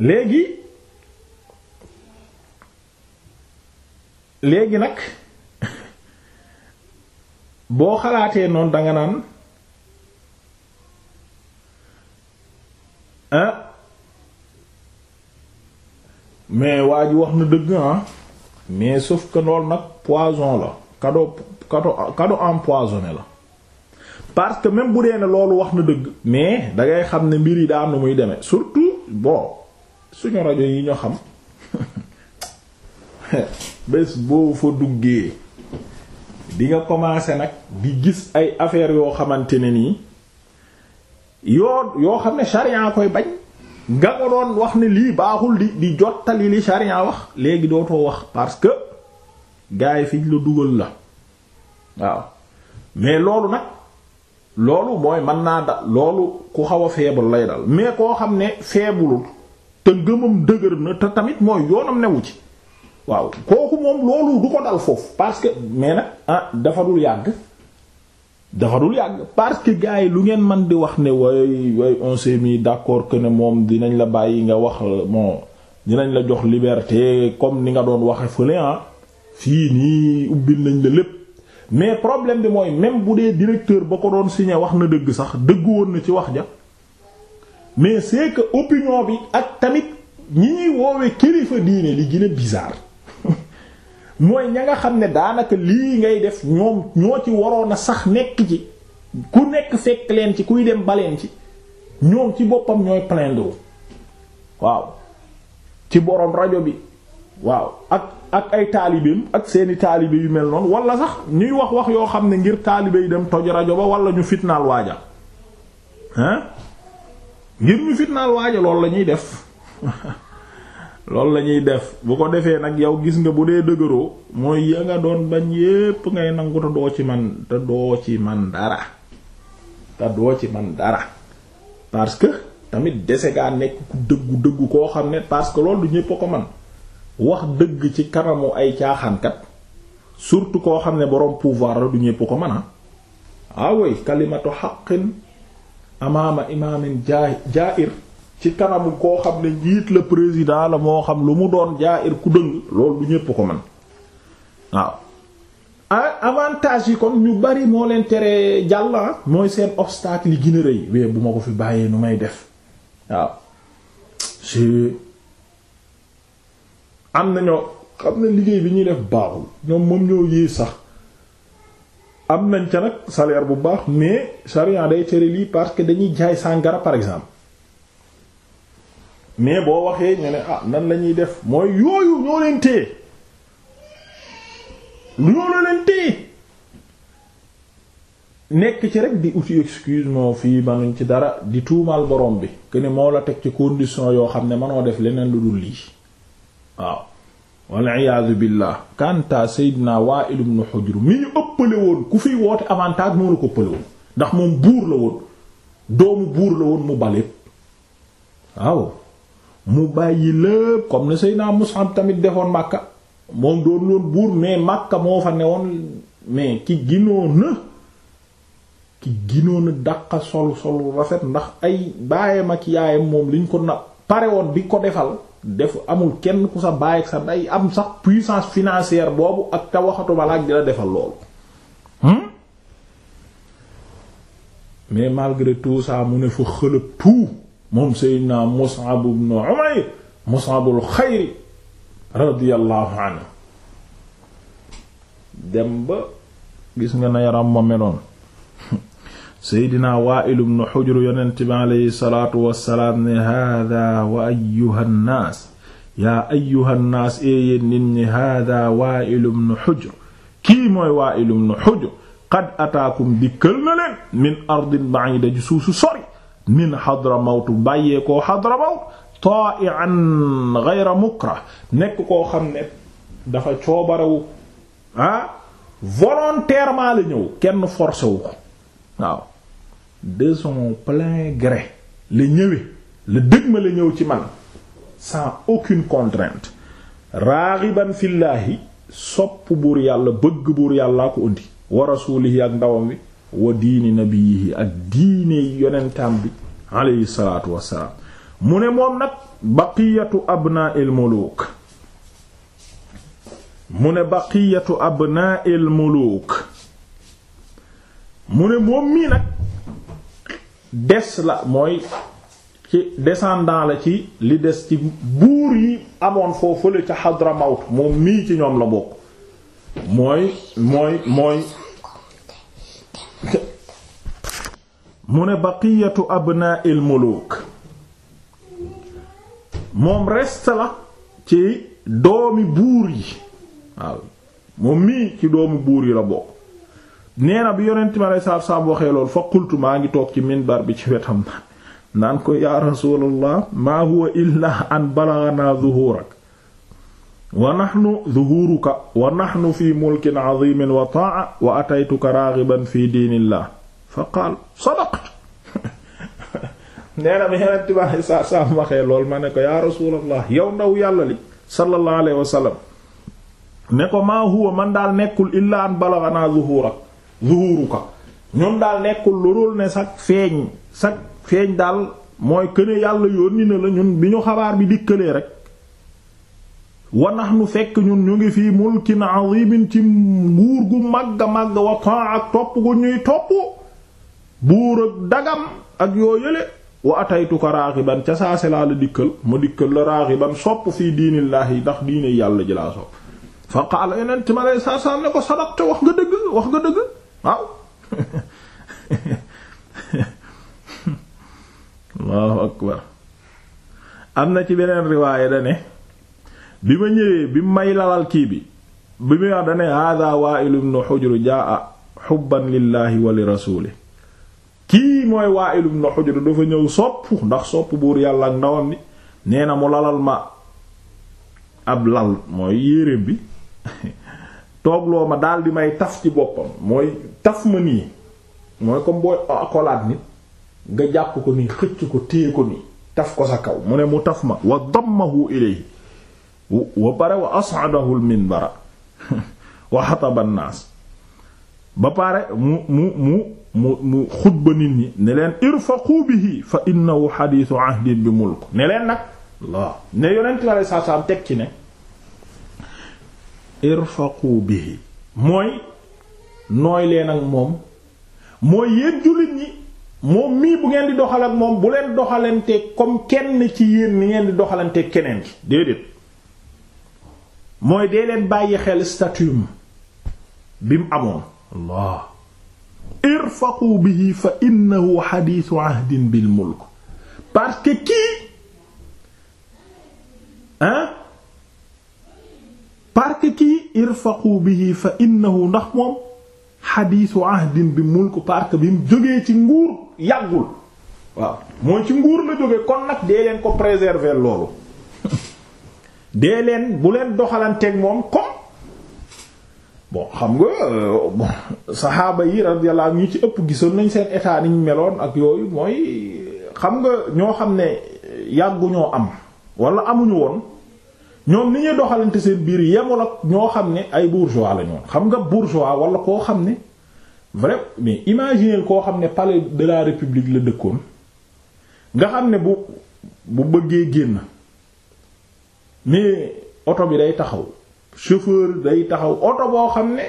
léegi léegi nag boo xalaatee noonu danga naan ah mais waa ji wax na dëgg ah mais sauf que loolu nag poison la cadeau cadeau cadeau empoisonné la parce que même bu dee ne loolu wax na dëgg mais da ngay xam ne mbir yi daa am nu muy demee surtout bon suñu rajo yi ñu xam bés boo fa duggee. di nga commencer nag di gis ay affaires yoo xamante ne nii yoon yoo xam ne sharia koy bañ nga ko doon wax ne lii baaxul di di jottali li sharia wax léegi dootoo wax parce que gars yi fiñ la dugal la waaw mais loolu nag loolu mooy mën naa da loolu ku xaw a faible lay dal mais koo xam ne faiblewul te ngëmam dëgër na te tamit mooy yoonam newu ci waaw kooku moom loolu du ko dal foofu parce que mais nag ah dafa dul yàgg dafa dul yàgg parce que gars yi lu ngeen man di wax ne way way on s'est mis d'accord que ne moom dinañ la bàyyi nga wax moo dinañ la jox liberté comme ni nga doon waxe fële ah. fii nii ubbil nañ la lépp mais problème bi mooy même bu dee directeur ba ko doon signé wax na dëgg sax dëgg woon na ci wax ja mais c'est que opinion bi ak tamit ñi ñuy woowe kilifa diine li gën a bizarre mooy ña nga xam ne daanaka lii ngay def ñoom ñoo ci waroon a sax nekk ci ku nekk fekk leen ci kuy dem baleen ci ñoom ci boppam ñooy plaindre waaw ci borom rajo bi waaw ak ak ay taalibeem ak seeni taalibe yu mel noonu wala sax ñuy wax wax yoo xam ne ngir taalibe yi dem toj rajo ba walla ñu fitnaal waaja hein ngir ñu fitnaal waaja loolu la ñuy def loolu la ñuy def bu ko defee nag yow gis nga bu dee dëgëroo mooy ya nga doon bañ yépp ngay nangu te doo ci man te ci man dara te doo ci man dara parce que tamit dese ngaa nekk ku dëggu dëggu koo xam ne parce que loolu du ñépp ko man wax dëgg ci kanamu ay caaxaankat surtout koo xam ne boroom pouvoir la du ñépp ko mën a ah. awoy ah kalimatu haqqin amaama imaamin jaa'ir ci kanamu koo xam ne njiit la président la moo xam lu mu doon jaair ku dëng loolu du ñépp ko man waaw avantage yi kon ñu bari moo leen tere jàll ah, mooy seen obstacle yi gën a rëy bu ma ko fi bàyyee nu may def waaw si am na liggéey bi ñuy def baaxul ñoom moom ñoo sax am nañ ca nag salaire bu baax mais charia day tere lii parce que dañuy jaay sàngara par exemple mais boo waxee ñu ne ah nan la ñuy def mooy yooyu ñoo leen téye ñoo leen téye nekk ci rek di uti excuse moo fii manuñ ci dara di tuumal borom bi que ne moo la teg ci condition yoo xam ne manoo def leneen lu dul lii waaw walla iyaazu billaah kanta seydina Wa'il ibn Hujr mi ñu ëppale woon ku fiy woote avantage moo la ëppale woon ndax moom buur la woon doomu buur la woon mu baleeb waaw mu bàyyi lépp comme ne Seydina Mus'ab tamit defoon Makka moom doon loon buur mais màkka moo fa newoon mais ki ginoon na ki ginoon na dàqa sol sol rafet ndax ay baayam ak yaayam moom liñ ko na pare woon di ko defal def amul kenn ku sa bàyyi ak sa day am sax puissance financière boobu ak te waxatu balaa di la defal loolu hmm? mais malgré tout mu ne fa xëlëb tout moom seydina Mus'ab ibn Umayr Mus'abul xayri radiyallahu anhu dem ba gis nga na yaram ma meloon seydina Waa'il ibn Hujr yonent bi aleyhi salaatu wassalaam ne haadaa wa ayyuha nnaas yaa ayyuha nnaas yéen nit ñi haadaa Waa'il ibn Hujr kii mooy Waa'il ibn Hujr qad ataakum dikkal na leen min ardin ba'ida ji suusu sori min Hadramawt bàyyee koo Hadramawt ta'i'an ghayra mukrah nekk koo xam ne dafa coobarewu ah volontairement la ñëw kenn forcé wu ko waaw de son plein la ñëwee la dëgg ma la ñëw ci man sans aucune contrainte raaxiban fillaahi sopp buur yàlla bëgg buur yàllaa ko undi wa rasuulihi ak ndawam wi wa diini nabiyihi ak diine yonentam bi aleyhi salaatu wassalaam mu ne moom nag baqiyatu abnaa'il muluuk muluuk mu ne moom mii nag des la mooy ci descendant la ci li des ci buur yi amoon foofu la ca Hadramawt moom mii ci ñoom la bokk mooy mooy mooy mu ne baqiyatu abnaa'il muluk moom reste la ci doomi buur yi waaw moom mii ci doomu buur yi la bokk nee na bi yonent mi alei saatu salaam waxee fa qultu maa ngi toog ci minbar bi ci wetam naan naan ko yaa rasulallah maa huwa illaa an balaghana zuhurak wa nahnu zuhuruka wa nahnu fi mulkin wa ta'a wa ataytuka raghiban fi diinillah fa qaal sadaqta nee na bi yeneen tibaay saa saa waxee lool ma ne ko yaa rasulallah yow ndaw yàlla li sallallahu alayhi wa sallam ne ko maa huwa man daal nekkul illaa an balaghana zuhurak zuhuruka ñun daal nekkul lu dul ne sag feeñ sag feeñ daal mooy këne yàlla yónni na la bi ñu xabaar bi dikkalee rek wa nahnu fekk ñun ñu ngi fii mulkin azimin ci nguur gu màgg màgg wa taan ak topp gu ñuy topp buur ak dagam ak yoo yële wa ataytuka raaxiban ca saase laa la dikkal ma dikkal la raaxiban sopp fii diinillaahi ndax diine yàlla ji laa sopp fa qaala yeneen ma lay saasaan ne ko sadaqta wax wax nga dëgg waaw allahu akbar am na ci beneen riwaaya da ne bi ma ñëwee bi may lalal kii bi bi muy wax dane hada Wa'il ibn Hujr jaa xubban lillahi wa li rasuli kii mooy Wa'il ibn Hujr dafa ñëw sopp ndax sopp buur yàlla ak ndawam bi nee na mu lalal ma ab lal mooy yéreem bi toogloo ma daal may taf ci boppam mooy taf ma nii mooy comme booy akolaat nit nga jàpp ko nii xëcc ko téye ko nii taf ko sa kaw mu ne mu taf ma wa dammahu ilayhi wa pare wa as'adahu al-minbara wa xataba ba pare mu mu mu mu mu xutba nit ñi ne leen irfaqu bihi fa innahu xadiisu ahdin bi mulk ne leen nag waaw ne yonent la saa saa teg ci ne irfaqu bihi mooy nooy leen ak moom mooy yéen jullit ñi moom mii bu ngeen di doxal ak moom bu leen doxalante comme kenn ci yéen ni ngeen di doxalante keneen ki déedéet mooy dee leen bàyyi xel statuum bi mu amoon allah irfaqu bi fa innahu xadiisu ahdin bil mulk parce kii hein parce kii irfaqu bihi fa innahu ndax moom xadiisu ahdin bi mulk parce que bi mu jógee ci nguur yàggul waaw mooy ci nguur la jógee kon nag dee leen ko préserver loolu dee leen bu leen doxalanteeg moom comme bo xam nga euh, bon saxaaba yi radiyallahu anhu ñu ci ëpp gisoon nañ seen état niñ meloon ak yooyu mooy xam nga ñoo xam ne yàggu am wala amuñu woon ñoom ni ñuy doxalante seen biir yemul ak ñoo xam ne ay bourgeois la xam nga bourgeois wala koo xam ne vrai mais imaginez koo xam ne palais de la république la dëkkoon nga xam ne bu bu bëggee génn mais oto bi day taxaw chauffeur day taxaw oto boo xam ne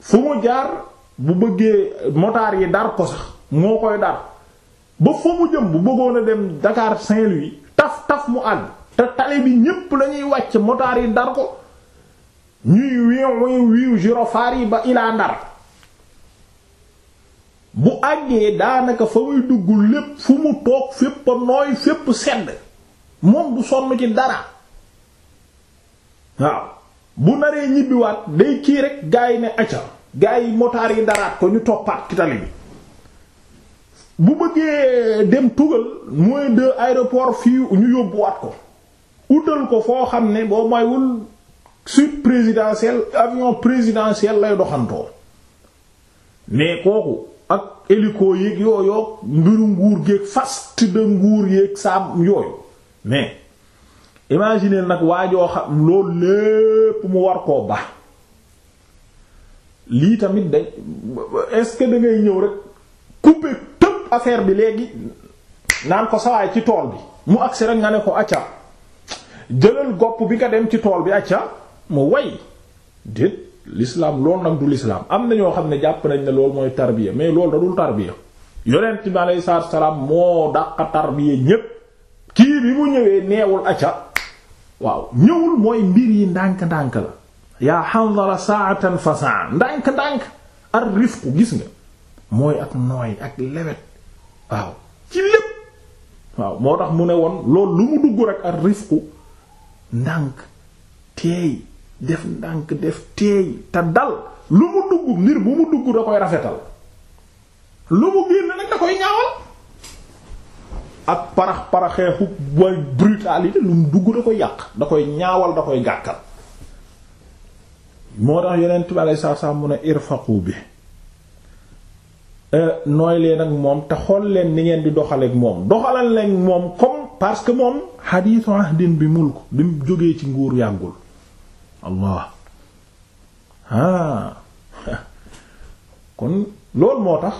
fu mu jaar bu bëggee motaar yi dar ko sax moo koy dar ba fu mu jëm bu bëggoon a dem dakaar Saint-Louis taf taf mu àgg te tali bi ñépp lañuy wàcc motaar yi dar ko ñuy wiiw wiiw yi ba ilaa Ndar bu àggee daanaka fa muy dugg lépp fu mu toog fépp nooy fépp sedd moom du sonn ci dara waaw bu naree ñibbiwaat day kii rek gaa yi ne acca gaa yi motaar yi daraat ko ñu toppaat ci tali bi bu bëggee dem tugal mooy de aéroport fii ñu yóbbuwaat ko utal ko foo xam ne boo moywul suite présidentielle avion présidentiel lay doxantoo mais kooku ak hélico yeeg yooyu mbiru nguur geeg fast de nguur yeeg saam yooyu mais imaginer nag waajoo xam loolu lépp mu war koo ba lii tamit dañ est-ce que ñëw rek couper tëb affaire bi léegi naan ko sawaay ci tool bi mu agsi rek nga ne ko acca jëlal gopp bi nga dem ci tool bi acca mu way déet l'islam loolu nag du l'islam am na ñoo xam ne jàpp nañ ne loolu mooy tarbiya mais loolu da dul tarbiya yonent bi aleyhi salaatu salaam moo dàq tarbiya ñépp kii bi mu ñëwee neewul acca waaw ñëwul mooy mbir yi ndànk-ndànk la yaa Hanzala saatan fa saa ndànk-ndànk ar rifqu gis nga mooy ak nooy ak lewet waaw ci lépp waaw moo tax mu ne woon loolu lu mu dugg rek ar rifqu ndànk teey def ndànk def teey te dal lu mu dugg mbir bu mu dugg da koy rafetal lu mu génn nag da koy ñaawal ak parax paraxeexu way brutalité lu mu dugg da yàq da koy ñaawal da koy gàkkal moo tax yonent bi alei saatu salaam mu ne irfaqu bi euh, nooy leen ak moom te xool leen ni ngeen di doxaleek moom doxalal leen moom comme parce que moom xadiisu ahdin bi mulk bi mu jógee ci nguur yàggul allah ah kon loolu moo tax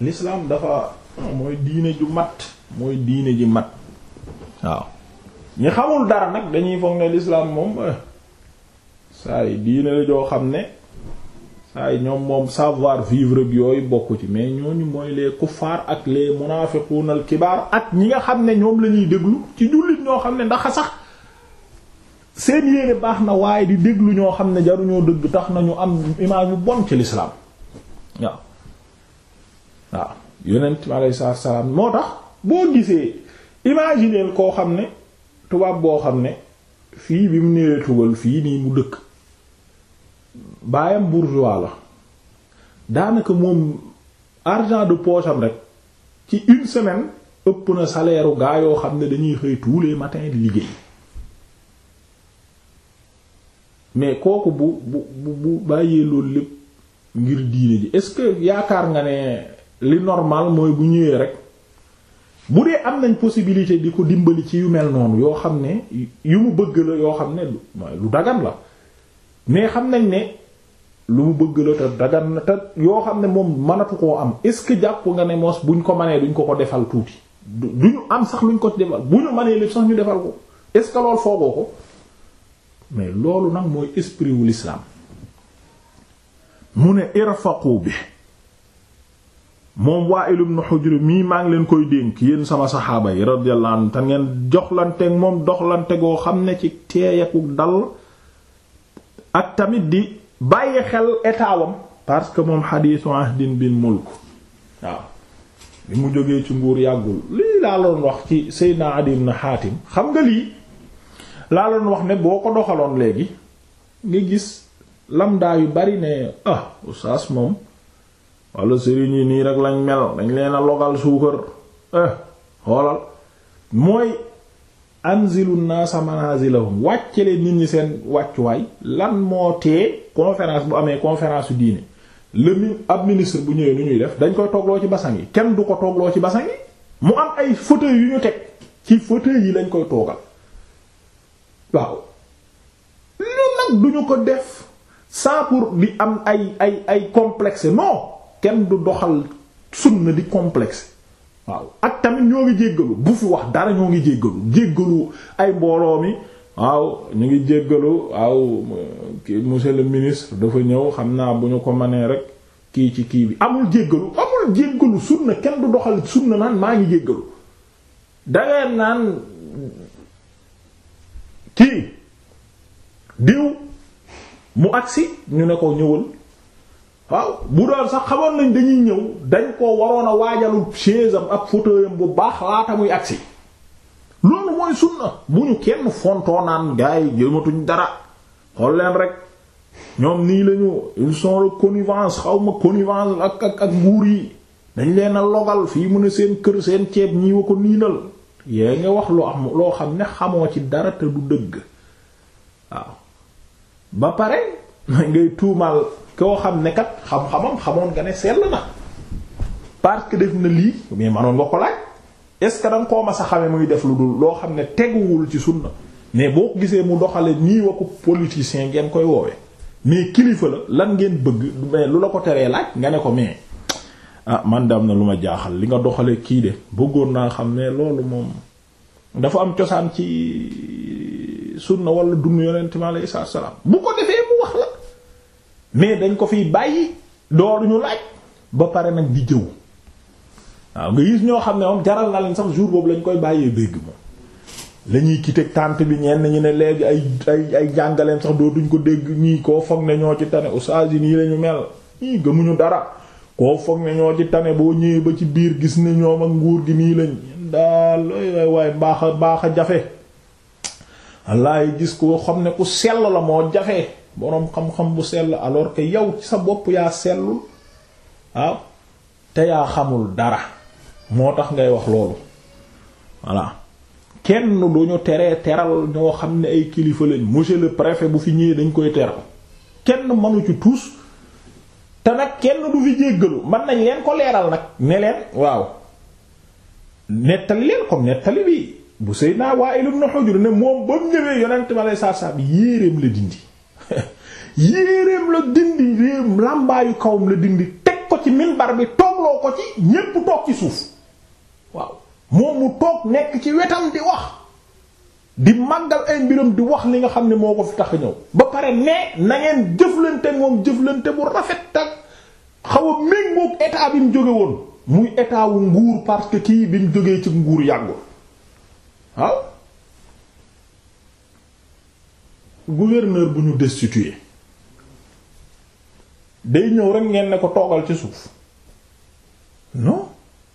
l'islam dafa mooy diine ju mat mooy diine ji mat waaw ñi xamul dara nag dañuy foog lislaam l'islam moom eh, saa yi diine la joo xam ne saa yi ñoom moom savoir vivre ak yooyu bokku ci mais ñooñu mooy les kuffar ak les munafiqun al kibaar ak ñi nga xam ne ñoom lañuy ñuy déglu ci jullit ñoo xam ne ndax sax seen yéene baax na waaye di déglu ñoo xam ne jaruñoo dëgg tax nañu am image bu bon ci l'islam waaw waaw yonent mi alayhi salaatu salaam moo tax boo gisee imaginer koo xam ne tubaab boo xam ne fii bi mu néewee tugal fii nii mu dëkk baayam bourgeois la daanaka moom argent de poche am rek ci une semaine ëpp na saleeru u yoo xam ne dañuy xëy tous les liggéey mais kooku bu bu bu bàyyee loolu lépp ngir diine ji est-ce que yaakaar nga ne li normal mooy bu ñëwee rek bu dee am nañ possibilité bi ko dimbali ci yu mel noonu yoo xam ne yu mu bëgg la yoo xam ne lu dagan la mais xam nañ ne lu mu bëgg la te dagan te yoo xam ne moom mënatu koo am est-ce que jàpp nga ne mos buñ ko manee lu duñ ko ko defal tuuti du ñu am sax luñ ko defal bu ñu mënee lépp sax ñu defal ko est-ce foogoo ko mais loolu nag mooy esprit wu mu ne irfaqu bi moom Wa'il ibn Hujr mii maa ngi leen koy dénk yéen sama saxaaba yi radiyallahu anhu ngeen joxlanteeg moom doxlante goo xam ne ci teeyaku dal ak tamit di bàyyi xel étatwam parce que moom xadiisu ahdin bil mulk waaw li mu jógee ci nguur yàggul lii laa wax ci Seydina Adi ibn Hatim xam nga lii laa wax ne boo ko doxaloon léegi ngi gis lamdaa yu bari ne ah oustaz moom wala sëriñ yi nii rek lañ mel dañ leen a logal suukar eh xoolal mooy anzilu naasa manazilahum wàcce leen nit ñi seen wàccuwaay lan moo tee conférence bu amee conférence su diine le ab ministre bu ñëwee nu ñuy def dañ koy toogloo ci basan yi kenn du ko toogloo ci basan yi mu am ay fauteuil yu ñu teg ci fauteuil yi lañ koy toogal waaw lu nag duñu ko def sans pour di am ay ay ay complexe non kenn du doxal na di complex waaw ak tamit ñoo ngi jéggalu bu fi wax dara ñoo ngi jéggalu jéggalu ay mbooloo mi waaw ñu ngi jéggalu waaw monsieur le ministre dafa ñëw xam naa bu ñu ko manee rek kii ci kii bi amul jéggalu amul jéggalu sunna kenn du doxal na naan maa ngi jéggalu dangay naan kii diw mu agsi ñu ne ko ñëwal waaw bu doon sax xamoon nañ dañuy ñëw dañ ko waroon a waajalul chaise ak fauteuil am bu baax laata muy agsi loolu mooy sunna bu ñu kenn fontoo naan gars yi dara xool leen rek ñoom nii lañu ils sont le connivence xaw ma connivence ak ak ak nguur yi dañ leen a logal fii mu ne seen kër seen ceeb ñii wa ko niinal yee nga wax loo am loo xam ne xamoo ci dara te du dëgg waaw ba pare ngay tuumaal koo xam ne kat xam-xamam xamoon nga ne sell na parce def na lii mais manoon nga ko laaj est-ce que da koo ma sa xame muy def lu dul loo xam ne teguwul ci sunna mais boo ko gisee mu doxale nii wa ko politicien ngeen koy woowee mais kilifa la lan ngeen bëgg mais lu la ko teree laaj nga ne ko mais ah man de am na lu ma jaaxal li nga doxale kii de bëggoon naa xam ne loolu moom dafa am cosaan ci sunna wala dund yonent mi alayhi salaatu salaam bu ko defee mu wax la mais dañ ko fiy bàyyi dooru ñu laaj ba pare nag di jëw waaw nga gis ñoo xam ne moom jaral na leen sax jour boobu lañ koy bàyyee dégg moom lañuy kiteeg tànt bi ñenn ñu ne léegi ay ay ay jàngaleem sax doo duñ ko dégg ñii koo foog ne ñoo ci tane saa yi nii lañu mel ñii gëmuñu dara koo foog ne ñoo ci tane boo ñëwee ba ci biir gis ne ñoom ak nguur gi nii lañ daal waaye baax a baax a jafe allah yi gis koo xam ne ku sell la moo jafee boroom xam-xam bu sell alors que yow ci sa bopp yaa sellul waaw ah, te yaa xamul dara moo tax ngay wax loolu voilà kenn du ñu teree teral ñoo xam ne ay kilifa lañ monsieur le préfet bu fi ñëwee dañ koy teral kenn mënu ci tuus te nag kenn du fi jéggalu mën nañ leen ko leeral nag ne leen waaw nettali leen comme nettali bi bu Seydina Wa'il ibn Hujr ne moom ba mu ñëwee yonent ma lay saar-saab yéeréem la dindi yéeréem la dindi réem làmbaayu kawam la dindi teg ko ci minbar bi loo ko ci ñépp toog ci suuf waaw moom mu toog nekk ci wetam di wax di màggal ay mbiram di wax li nga xam ne moo ko fi tax ñëw ba pare ne na ngeen jëflante moom jëflante bu rafet ak xaw a méngoog état bi mu jóge woon muy état wu nguur parce que kii bi mu jógee ci nguur yàggul waaw gouverneur bu ñu destitué day ñëw rek ngeen ne ko toogal ci suuf non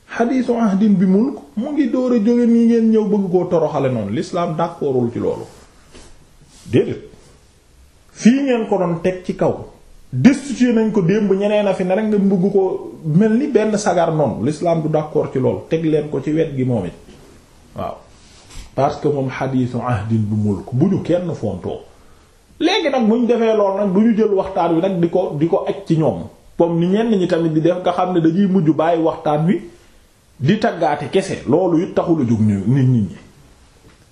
xadiisu ahdin bi mulk mu ngi door a jóge nii ngeen ñëw bëgg koo toroxale noonu lislaam d'accordul ci loolu déedéet fii ngeen ko doon teg ci kaw destitué nañ ko démb ñeneen a fi ne rek nga bëgg ko mel ni benn sagar noonu l'islam du d'accord ci loolu teg leen ko ci wet gi moom it waaw parce que moom xadiisu ahdin bu mulk bu ñu kenn fontoo léegi nag bu ñu defee lool nag du ñu jël waxtaan wi nag di ko di ko aj ci ñoom comme ni ñenn ñi tamit di def nga xam ne dañuy mujj bàyyi waxtaan wi di taggaate kese loolu it taxul a jóg ñu nit ñi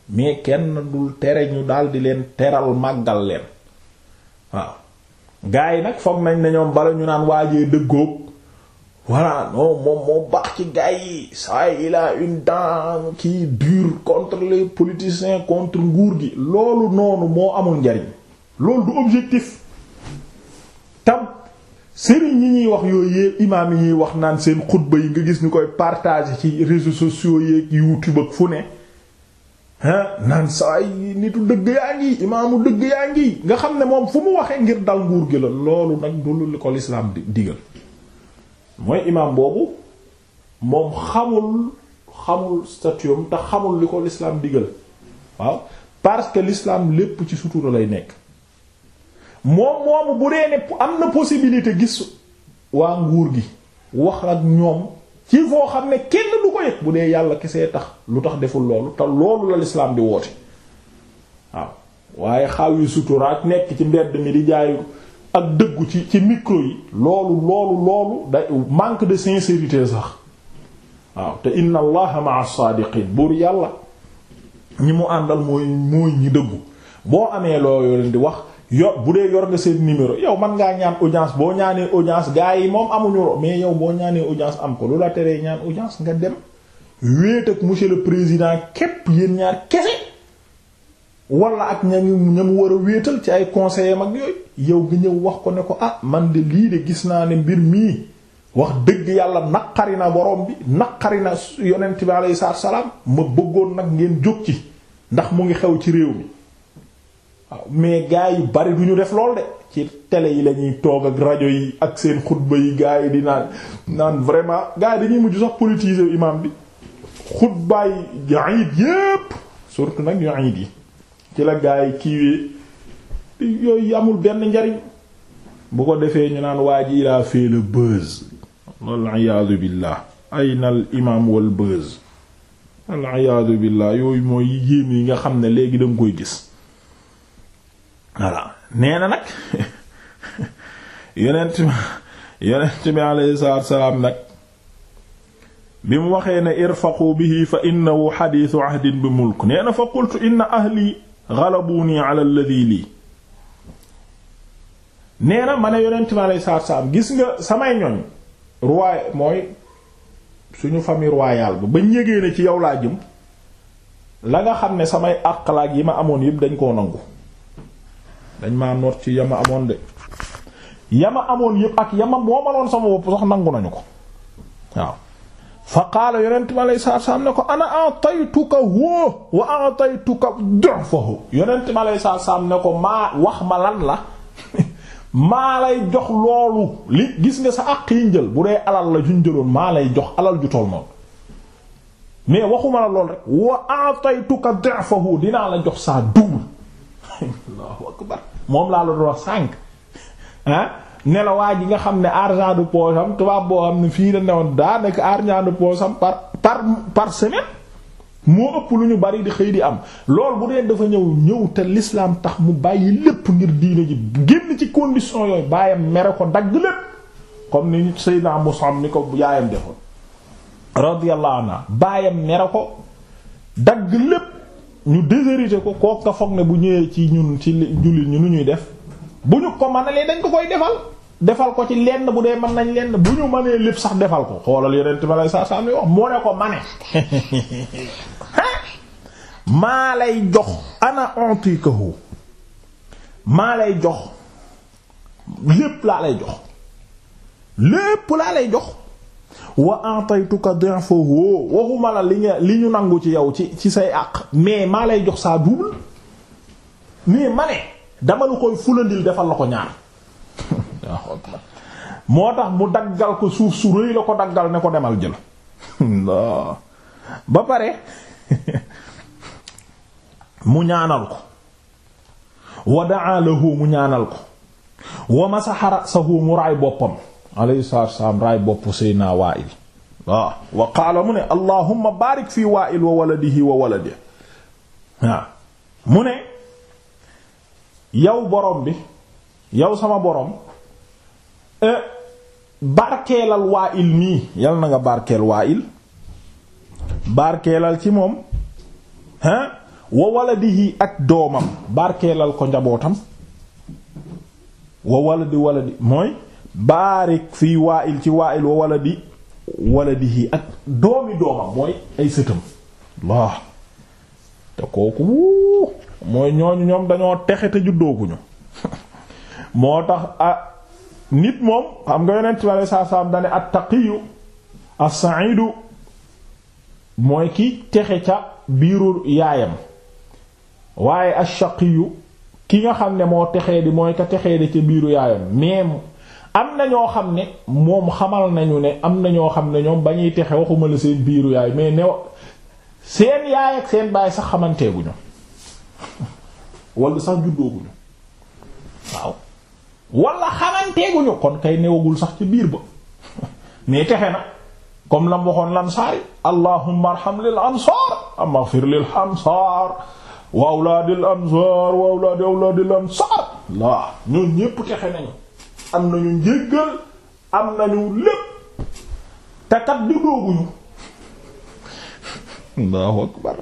mais kenn dul tere ñu daal di leen teral màggal leen waaw. gaa yi nag foog nañ ne ñoom bala ñu naan waajee dëggoog voilà non moom moo baax ci gars yi ça il une dent qui dure contre les politiciens contre nguur gi loolu noonu moo amul njariñ loolu du objectif tam sëriñ ñi ñuy wax yooyu yépp imaam yi ñuy wax seen xutba yi nga gis ni koy partager ci réseaux sociaux yeeg YouTube ak fu ne ah naan saa yi nitu dëgg yaa ngi imaamu dëgg yaa ngi nga xam ne moom fu mu waxee ngir dal nguur gi la loolu nag du lu ko lislaam digal mooy imaam boobu moom xamul xamul statuam te xamul li ko l'islam digal waaw parce que l'islam lépp ci sutura lay nekk moom moomu bu dee ne am na possibilité gis waa nguur gi wax ak ñoom ci foo xam ne kenn du ko yëg bu dee yàlla kese tax lu tax deful loolu te loolu la l'islam di woote waaw waaye xaw yi suturaak nekk ci mbedd mi di jaayu ak dëggu ci ci micro yi loolu loolu loolu da manque de sincérité sax waaw te inna allaha ma'a as-saadiqiin buur yàlla ñi mu àndal mooy mooy ñi dëggu boo amee loo leen di wax yo bu dee yor nga seen numéro yow man ngaa ñaan audience boo ñaanee audience gars yi moom amuñu mais yow boo ñaanee audience am ko lu la teree ñaan audience nga dem wéet ak monsieur le président képp yéen ñaar kese wala ak ñamu ñamu war a wéetal ci ay conseillers mag yooyu yow gi ñëw wax ko ne ko ah man de lii de gis naa ne mbir mii wax dëgg yàlla naqari na borom bi naqari na yonent bi alayhi salaam ma bëggoon nag ngeen jóg ci ndax mu ngi xew ci réew mi waaw mais gaa yu bari du ñu def lool de ci tele yi lañuy ñuy toog ak rajo yi ak seen xutba yi gaa yi di naan naan vraiment gaa yi dañuy mujj sax politiser imam bi xutbaay iid yépp surtout nag yu iid ci la gaa yi kiiwee yooyu amul benn njariñ bu ko defee ñu naan waa ji il a la le buzz wal iyaadu billah ayna al imam wal buzz wal iyaadu billah yooyu mooy yéen yi nga xam ne léegi danga koy gis voilà nee na nag yonent yonent bi alayhi salaatu nag bi mu waxee ne irfaqu bihi fa innahu xadiisu ahdin bi mulk nee na fa qultu inna ahli ghalabuni ala alladhi lii nee na ma ne yonent mi alayhi salaatu salaam gis nga samay ñoñ roi mooy suñu famille royale ba bañ yégee ne ci yow laa jëm la nga xam ne samay àqlaak yi ma amoon yëpp dañ koo nangu dañ maa noot ci yama amoon de yama amoon yëpp ak yama moomaloon sama bopp sax nangu nañu ko waaw fa qaala yonent bi alayhi salaatu salaam ne ko ana a'taytuka huwa wa a'taytuka du'fahu yonent bi alayhi salaatu salaam ne ko maa wax ma lan la maa lay jox loolu li gis nga sa àq yi njël bu dee alal la juñ jëloon maa lay jox alal ju toll noonu waxuma la lool rek wa a'taytuka du'fahu dinaa jox saa double allahu moom laa la doon wax sànq ne la ji nga xam ne argent de poche am tubaab boo xam ne fii la newoon daanaka argent de poche par par par semaine moo ëpp lu ñu bari di xëy di am lool bu dee dafa ñëw ñëw te l'islam tax mu bàyyi lépp ngir diine ji génn ci condition yooyu baayam mere ko dagg lépp comme ni Seydina Mus'ab ni ko yaayam defoon radiyallahu anha baayam mere ko dagg lépp ñu déshérité ko kook nga foog ne bu ñëwee ci ñun ci jullit ñu nu ñuy def bu ñu ko dañ ko koy defal defal ko ci lenn bu dee mën nañ lenn bu ñu mënee lépp sax defal ko xoolal yeneen ma lay saa saa am wax moo ne ko ma ne maa lay jox ana antikahu maa lay jox lépp laa lay jox lépp laa lay jox wa antaytuka di'fahu waxuma la li nga ñu nangu ci yow ci ci say àq mais maa lay jox saa double mais ma ne dama lu koy fulandil defal la ko ñaar moo tax mu daggal ko suuf su rëy la ko daggal ne ko demal jël ba pare mu ñaanal ko wa daa lahu mu ñaanal ko wa masaxa rasahu mu raay boppam alayhi salaatu wassalaam raay bopp Seydina Waa'il waaw wa qaala mu ne allahumma baarik fi Waa'il wa waladihi wa waladihi waaw mu ne yow borom bi yow sama borom Euh, barkeelal waa il mii yal na nga barkeel waa il barkeelal ci moom hein wa waladihi ak doomam barkeelal ko njabootam wa waladi waladi mooy baarik fii waa il ci waa il wa waladi waladihi ak doomi doomam mooy ay sëtam waa te kooku mooy ñooñu ñoom dañoo texe te juddooguñu moo tax ah, nit moom xam nga yonent bi alei saatu salaam dane at-taqiyu as-sa'idu mooy ki texe ca biiru yaayam waaye a shaqiyu ki nga xam ne moo texe di mooy ka texee di ca biiru yaayam mais am na ñoo xam ne moom xamal nañu ne am na ñoo xam ne ñoom ba ñuy texe waxuma la seen biiru yaay mais new seen yaay ak seen baay sax xamanteeguñu wala sax juddooguñu waaw wala xamanteeguñu kon kay newagul sax ci biir ba mais texe na comme lam waxoon lan saari allahumma arham lil ansar am aghfir lil ansar wa awlaadil ansar wa awlaadi awlaadil ansar laa ñoon ñépp texe nañu am nañu njéggal am nañu lépp te kat du dooguñu allahu akbar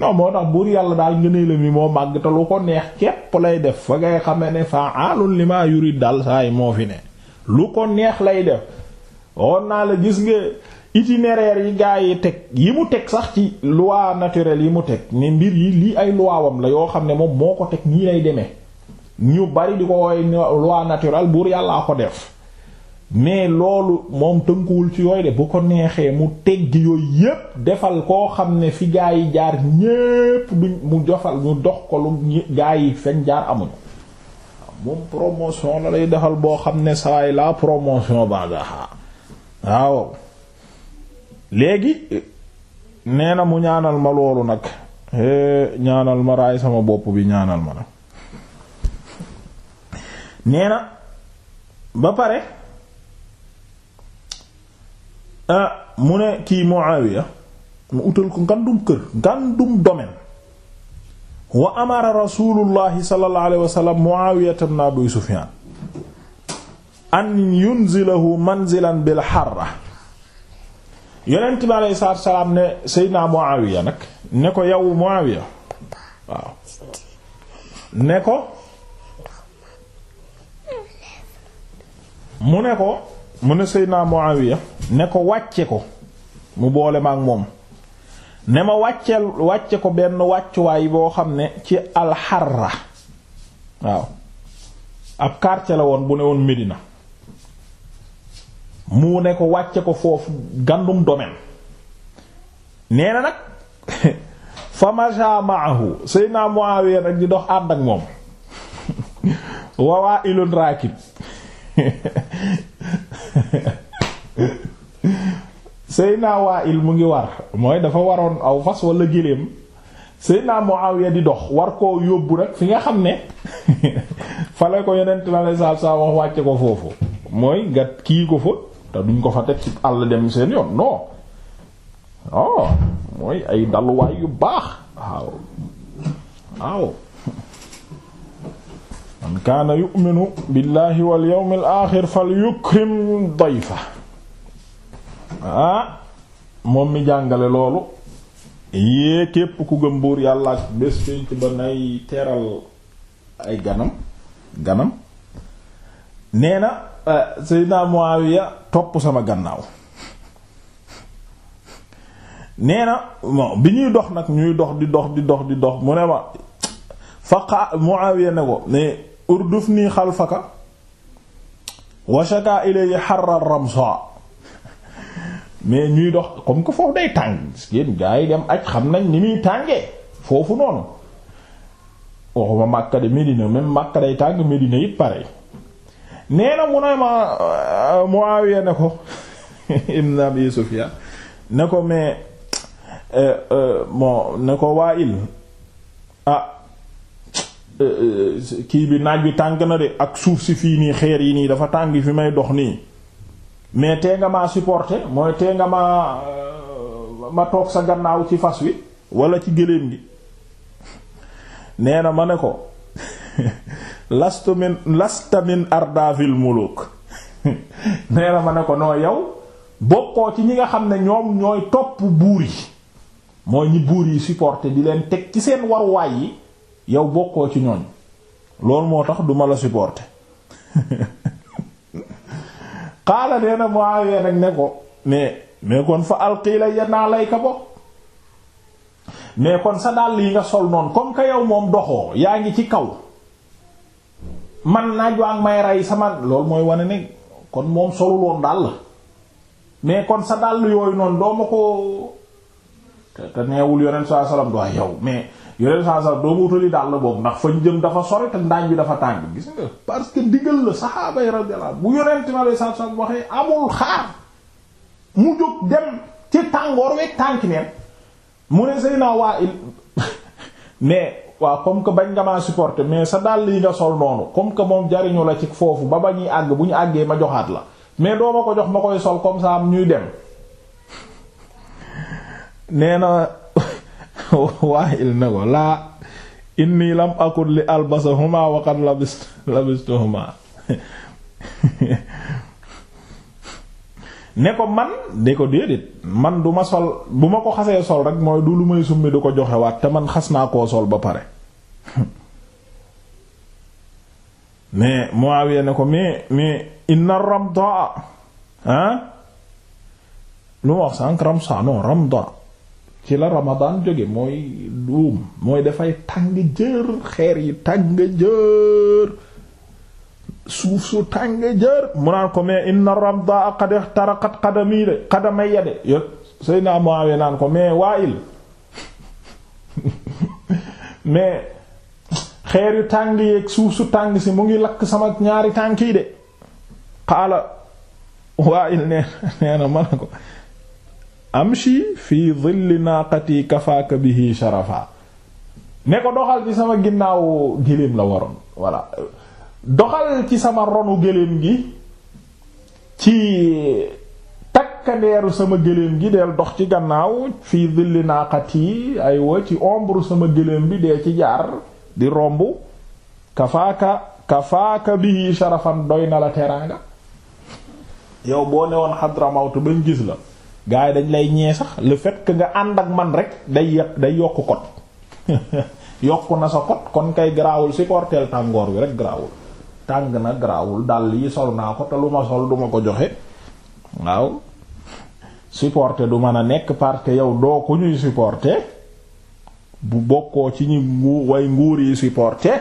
non moo tax buur yàlla daal ngëneelam yi moo màgg te lu ko neex képp lay def fa ngay xamee ne fa'aalun limaa yurid daal saa yi moo fi ne lu ko neex lay def woon naa la gis nga itinéraire yi gaa yi teg yi mu teg sax ci loi naturelle yi mu teg ne mbir yi lii ay loi la yoo xam ne moom moo ko teg nii lay demee ñu bari di ko woy loi naturelle buur yàllaa ko def mais loolu moom tënkuwul ci yooyu de bu ko neexee mu tegg yooyu yépp defal koo xam ne fi gaa yi jaar ñépp duñ mu joxal mu dox ko lu gaa yi feñ jaar amuñu moom promotion la lay defal boo xam ne sawaay la promotion badaha waaw léegi nee na mu ñaanal ma loolu nag ñaanal ma raay sama bopp bi ñaanal ma nag nee na ba pare ah mu ne kii Muawiya mu utal ko ngandum kër ngandum domaine wa amara rasulullahi sallallahu alayhi wa sallam Muawiya ibn Abi an yunzilahu manzilan bil harra yonent bi alayhi salaam ne Seydina Muawiya nag ne ko yow Muawiya waaw ne ko mu ne ko mu ne Seydina Muawiya ne ko wàcce ko mu boole maak moom ne ma wàcceel wàcce ko benn wàccuwaay boo xam ne ci alxarra waaw ab quartier la woon bu ne woon Médina mu ne ko wàcce ko foofu gandum domaine nee na nag fa masha ma'ahu Seydina Muawiya nag di dox ànd ak moom wawaa ilun raakib Seydina Waa'il mu ngi war mooy dafa waroon aw fas walla géléem Seydina Muawiya di dox war koo yóbbu rek fi nga xam ne fale ko yeneen la saab saab wax wàcce ko foofu mooy nga kii ko fa te duñ ko fa teg ci àll dem seen yoon non oh mooy ay daluwaay yu baax waaw waaw man kaana yu'minu billahi wal yawmil aaxir falyukrim dayfa ah moom mi jàngale loolu yée képp ku gëm buur yàlla ak bés pénc ba nay teral ay ganam ganam nee na eh, Seydina Muawiya topp sama gannaaw neena na bi ñuy dox nag ñuy dox di dox di dox di dox mu ne ma faqa Muawiya ne ko mais urdufni xalfaka wa shaka ilayhi harra ramsa mais ñuy dox comme que foofu day tàng yéen gaa dem ak xam nañ ni muy tàngee foofu noonu waxuma Makka de Medina même Makka day tàng Medina it pare nee mu ne ma euh, Muawiya ne ko ibn Abi Sufyan ne ko mais euh, euh, bon ne ko waa il ah Euh, euh, kii bi naaj bi tàng na de ak suuf si fii nii xeer yi nii dafa tàng fi may dox nii mais tee nga maa supporter mooy tee nga maa euh, ma toog sa gannaaw ci fas wi wala ci gëléem gi nee na ma ne ko lastu min lasta min ardavil muluk nee ma ne ko noo yow bokkoo ci ñi nga xam ne ñoom ñooy topp buur yi mooy ñi buur yi supporter di leen teg ci seen waruwaay yi yow bokkoo ci ñooñ loolu moo tax duma la supporter xaala nee na Muawiya nag ne ko mais mais kon fa alqii la ya naa layka mais kon sa dàll yi nga sol noonu comme que yow moom doxoo yaa ngi ci kaw man naaj waa ngi may rey sama loolu mooy wane ne kon moom soluloon dàll mais kon sa dàll yooyu noonu doo ma ko te te neewul yonent saa salaam waaye yow mais yonent saa salaam doo ma wutali daal la boobu ndax fañ jëm dafa sori te ndaañ bi dafa tàng gis nga parce que ndigal la saxaaba yi radiyallahu bu yonent ma lay saa salaam waxee amul xaar mu jóg dem ci tàngoor weeg tànk neen mu ne sëy naa waa il mais waaw comme que bañ nga maa supporter mais sa dàll yi nga sol noonu comme que moom jariñu la ci foofu ba ba ñuy àgg bu ñu àggee ma joxaat la mais doo ma ko jox ma koy sol comme ça am ñuy dem. nee na waayil ne ko laa inni lam akun li albasahuma waqad labist labistuhuma ne ko man de ko déedéet man du ma sol bu ma ko xasee sol rek mooy du lu may summi du ko joxewaat te man xas naa koo sol ba pare mais Muawiya ne ko mais mais inna ramda ah lu ma wax sànq ramsa non ramda ci la Ramadan jóge mooy luum mooy dafay tàng jër xeer yi tàng jër suuf su tàng jër mu naan ko mais inna ramda qad ihtaraqat qadami de qadamay ya de yo sëy naa moawee naan ko mais waa il mais xeer yu tàng yeeg suuf su tàng si mu ngi lakk sama ñaari tànk yi de xaala waa il nee nee na mën ko amshi fii dhilli naaqati kafaaka bihi sharafa ne ko doxal ci sama ginnaaw géléem la waroon voilà doxal ci sama ronu géléem gi ci takkandeeru sama géléem gi deel dox ci gannaaw fii dhilli naaqati ay wa ci ombre sama géléem bi dee ci jaar di romb kafaaka kafaaka bihi sharafan doy na la teraanga yow boo newoon Hadramawt bañ gis la gars yi dañ lay ñee sax lu fekk nga ànd ak man rek day yàq day yokk kot yokk na sa kot kon kay garaawul si tàngoor wi rek garaawul tàng na garaawul dàll yi sol naa ko te lu ma sol duma ko joxe waaw supporter du mën a nekk parce que yow doo ko ñuy supporter bu bokkoo ci ñu ngu way nguur yi supporter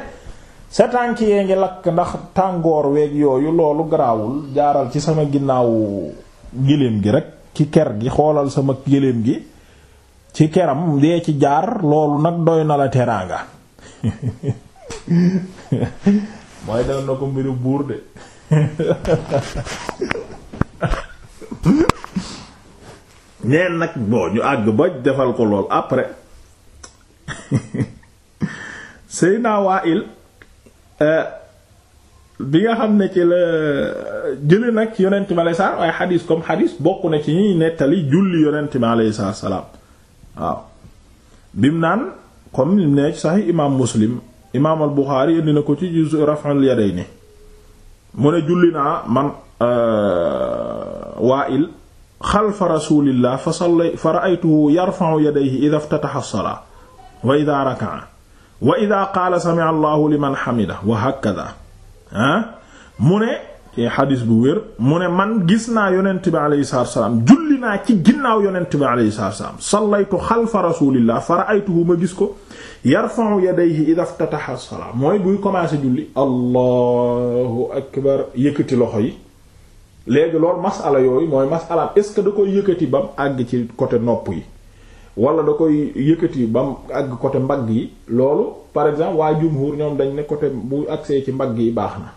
sa tànk yee ngi lakk ndax tàngoor weeg yooyu loolu garaawul jaaral ci sama ginnaaw giléem gi rek ci ker gi xoolal sama gëléem gi ci keram dee ci jaar loolu nag doy na la teraanga mooy dal na ko mbiru buur de neen nag boo ñu àgg ba defal ko lool après Seyna Wa'il euh, bi nga xam ne ci la euh, jëli nag yonent bi alayhi salaam waaye xadiis comme xadiis bokk na ci ñuy nettali julli yonent bi alayhi salaam waaw bim naan comme ni ne ci saxiix imaam muslim imaam al buxaari ko ci juzu raf'ul yadayni mu ne julli naa man euh, Waa'il xalfa rasulillah fa salla fa ra'aytuhu yarfa'u yadayhi idha iftataha as-salaa wa idha raka'a wa idha qaala sami'a ah mu ne ci xadis bu wér mu ne man gis naa yonent bi alayhi salaatu salaam julli naa ci ginnaaw yonent bi alayhi salaatu salaam sallaytu xalfa rasulillah fa ra'aytuhu ma gis ko yarfa'u yadayhi idha iftataha as-salaa mooy buy commencé julli allahu akbar yëkkati loxo yi léegi loolu masala yooyu mooy masala est-ce que da koy yëkkati bam àgg ci côté nopp yi wala da koy yëkkati ba mu àgg côté mbagg yi loolu par exemple waa jumhur ñoom dañ ne côté bu agsee ci mbagg yi baax na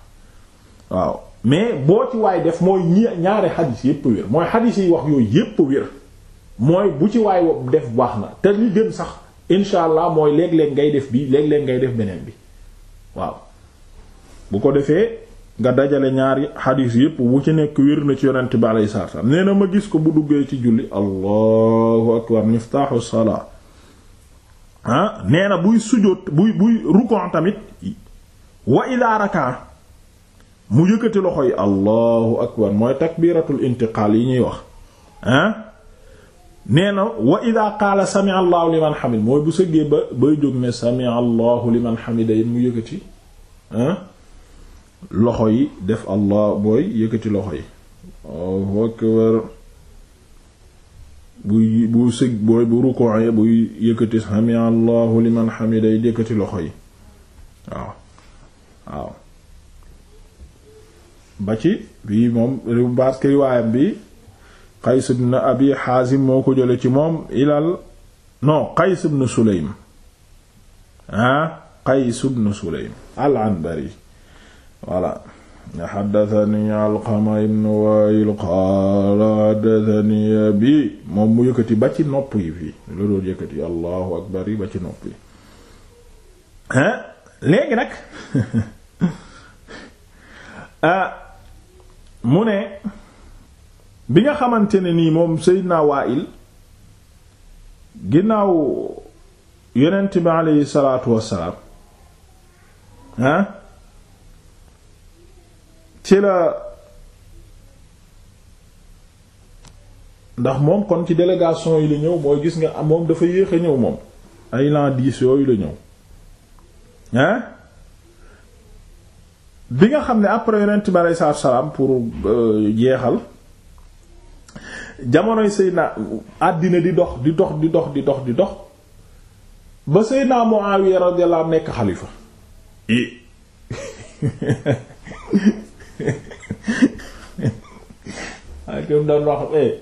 waaw mais boo ci waay def mooy ñaare xadis yépp wér mooy xadis yi wax yooyu yépp wér mooy bu ci waay def baax na te li gën sax incha allah mooy léeg-léeg ngay def bi léeg-léeg ngay def beneen bi waaw bu ko defee nga dajale ñaari xadiis yépp bu ci nekk wér na ci yonent bi alayhi salaatu salaam nee na ma gis ko bu duggee ci julli allahu akbar miftaaxu salaa ah tamit wa ila rakaa mu yëkkati loxo yi allahu akbar mooy takbiratul intiqaal yi ñuy wax ah nee na wa ida qaala samia allahu liman hamid mooy bu sëggee ba bay jóg ne samia allahu liman hamida yi mu yëkkati ah loxo yi def allah booy yëkkati loxo yi Allahu akbar buy bu sëg booy bu rukkooye buy yëkkati sami allahu liman xamiday yëkkati loxo yi waaw waaw ba ci bii moom ribu ki riwaayam bi Qays ibn Abi Xaasim moo ko jële ci moom ilal non Qays ibn Sulaym ah Qays ibn Sulaym al-Anbari voilà xaddatani alqama ibn wail qaala xaddatani abi moom mu yëkkati ba ci nopp yi fii la doon yëkkati allahu akbar yi ba ci nopp yi léegi nag ah, mu ne bi nga xamante ne nii moom Seydina Waa'il ginnaaw yonent bi aleyhi salaatu wassalaam ah ci la ndax moom kon ci délégation yi la ñëw mooy gis nga moom dafa yéexe a ñëw moom ay l'an yooyu la ñëw hein bi nga xam ne après yonent bi aleyhi salaam pour euh, jeexal jamonoy Seydina àddina di dox di dox di dox di dox di dox ba Seydina Muawiya radiyallahu anhu nekk xalifa waaye ko doon wax eh.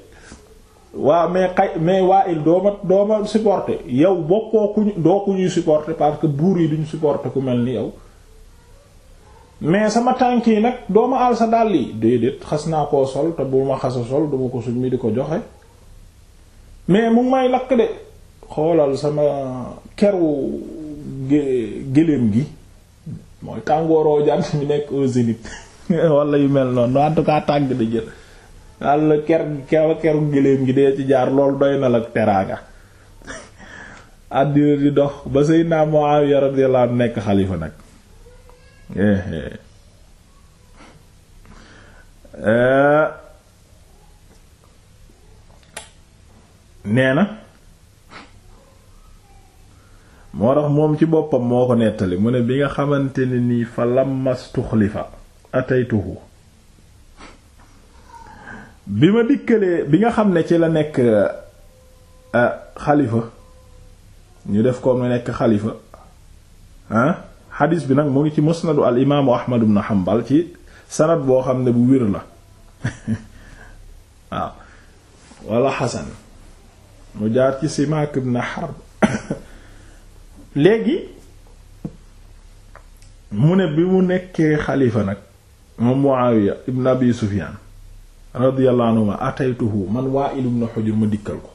mais xay mais waa dooma dooma supporter yow bokkoo kuñu doo ku ñuy supporter parce que buur yi duñ supporter ku mel ni yow mais sama tànk yi nag dooma alsa dàll yi déedéet xas naa koo sol te bu ma xasa sol duma ko summi di ko joxe mais mu may lakk de xoolal sama kerwu gé- géléem gi mooy tàngooroo jant mi nekk au zénith walla yu mel noonu en tout tàgg di jël walla ker kew keru gëléem gi dee ci jaar loolu doy na la teraanga àddina di dox ba Seydina Muawiya nekk xalifa nag eh, nee na moo tax moom ci boppam moo nettali mu ne bi nga xamante ne nii fa lammastuxlifa ataytuhu bi ma dikkalee bi nga xam ne ci la nekk ah, xalifa ñu def ko mu nekk xalifa ah xadiis bi nag mu ngi ci musnadu al imaamu ahmad ibn hanbal ci sanad boo xam ne bu wér la waaw wala xasan mu jaar ci simaak ibn harb léegi mu ne bi mu nekkee xalifa nag moom Muawiya ibn Abi Sufyan radiyallahu anhuma ataytuhu man Wa'il ibn Hujr ma dikkal ko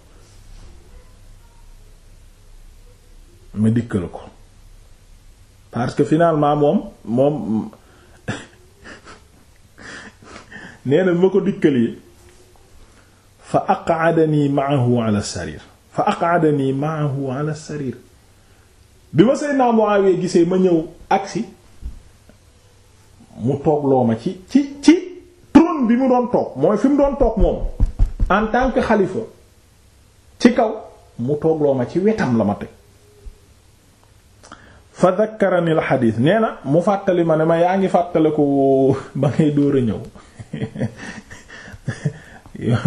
ma dikkal ko parce que finalement moom moom nee na ma ko dikkali fa aq'adani ma'ahu ala sarir fa aq'adani ma'ahu ala sarir bi ma Seydina Muawiya gisee ma ñëw agsi mu toog loo ma ci ci ci trône bi mu doon toog mooy fi mu doon toog moom en tant que xalifa ci kaw mu toog loo ma ci wetam la ma teg fa dakkarani al xadiis nee na mu fàttali ma ne ma yaa ngi fàttaliku ba ngay dóor a ñëw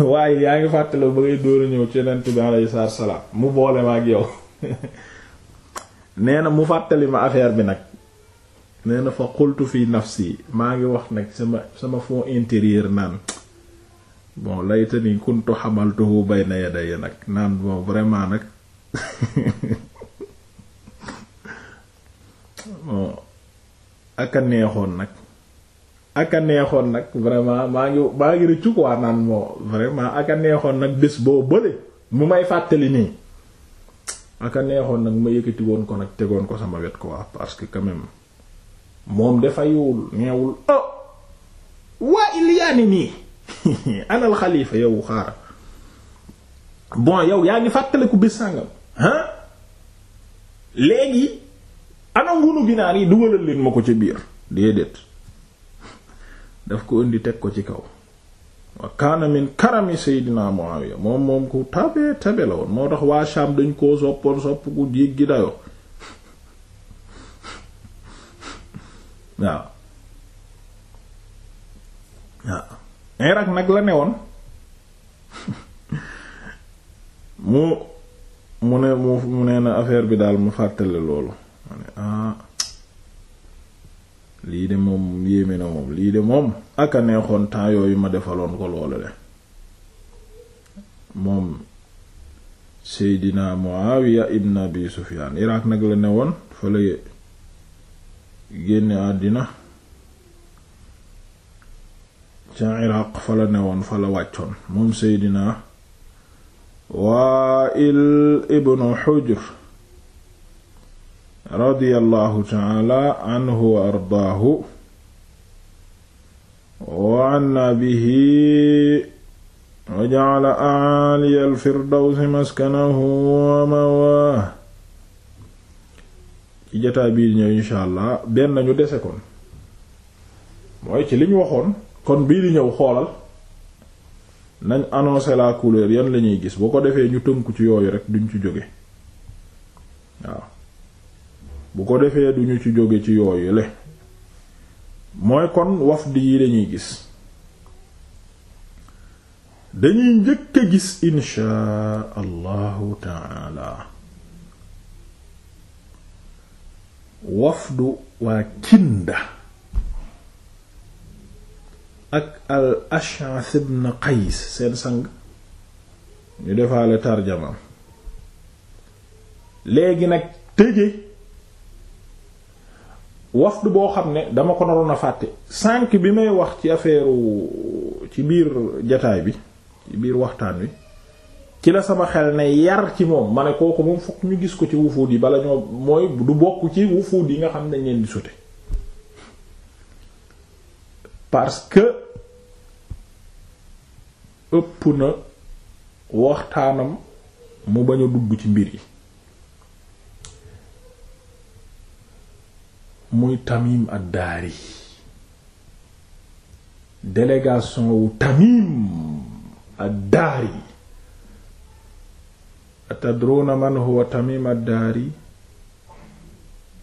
waaye yaa ngi fàttaliku ba ngay dóor a ñëw ci yonent bi alayhi salaam mu boole ma ak yow nee na mu fàttali ma affaire bi nag nee na fa xultu fi nafsi maa ngi wax nag sama sama fond intérieur naan bon layta ni kuntu xamaltuhu bayna yaday nag naan bon vraiment nag bon aka neexoon nag aka neexoon nag vraiment maa ngi maa ngi rëccu quoi naan moo vraiment aka neexoon nag bés boo bële mu may fàttali nii aka neexoon nag ma yëkkati woon ko nag tegoon ko sama wet quoi parce que quand moom dafayul neewul oh waa il ni nii anal xalifa yow xaaral bon yow yaa ngi fàttaliku bis sàngam ah léegi ana ngunu ginaar yi dugalal leen ma ko ci biir déedéet daf ko indi teg ko ci kaw wa kaana min karami Seydina Muawiya moom moom ku tabe tabe la woon moo tax waa Sham dañ koo soppoon sopp ku jéggi dayoo waaw waaw nag la newoon mu mu ne mu mu nee na affaire bi daal mu fàttale loolu ma ne ah lii de moom yéeme na moom lii de moom ak a neexoon temps yooyu ma defaloon ko loolu le moom Seydina Muawiya ibn Abi Sufyan Irak nag la newoon fële génne àddina ca iraq fa la newoon fa la wàccoon moom seydina Hujr radiyallahu taala anhu wa ardaahu wa anna bihi wa ja'ala a'aaliya al-firdawsi maskanahu ci jotaay bii di ñëw incha allah benn ñu dese kon mooy ci liñ waxoon kon bii di ñëw xoolal nañ annoncer la couleur yan la ñuy gis boo ko defee ñu tënku ci yooyu rek duñu ci jóge waaw bu ko defee duñu ci jóge ci yooyu le mooy kon wafd yi dañuy gis dañuy njëkk a gis inshaa allahu taala wafdu waa Kinda ak al Ash'ath ibn Qays seen sang ñu defaale tarjamaam léegi nag tëje wafdu boo xam ne dama ko naroon fàtte sànq bi may wax ci affaire ci biir jataay bi ci biir waxtaan wi ci la sama xel ne yar ci moom ma ne kooku moom fokk ñu gis ko ci wufuud yi bala ñoo mooy du bokk ci wufuud yi nga xam ne dañ leen di sute parce que ëpp na waxtaanam mu bañ dugg ci mbir yi muy Tamim ad-Dari délégation wu Tamim ad-Dari atadruna man huwa Tamim ad-Dari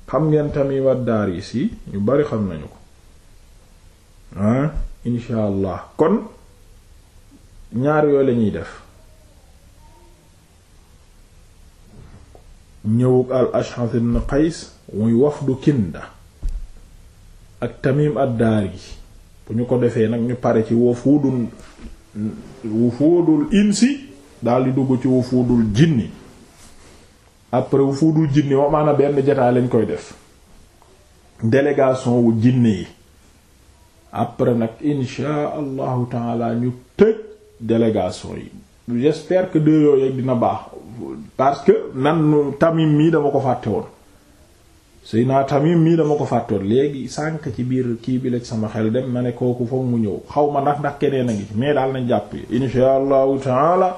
xam ngeen Tamim ad-Dari si ñu bari xam nañu ko ah insha allah kon ñaar yooyu lañuy def ñëwug al Ash'ath ibn Qays muy wafdu Kinda ak Tamim ad-Dari bu ñu ko defee nag ñu pare ci wafuudul wufuudul insi daal di dugg ci wufuudul jinni après wufuudul jinni wa benn jataay lañ koy def délégation wu jinni yi après nag insha allahu taala ñu tëj délégation yi j'espère que deux yooyu dina baax parce que nan tamim mii dama ko fàtte woon suy naa tamim mii dama ko fàtte woon léegi sànq ci biir kii bi la sama xel dem ma ne kooku foog mu ñëw xaw ma ndax ndax keneen a ngi mais daal nañ jàpp yi insha allahu taala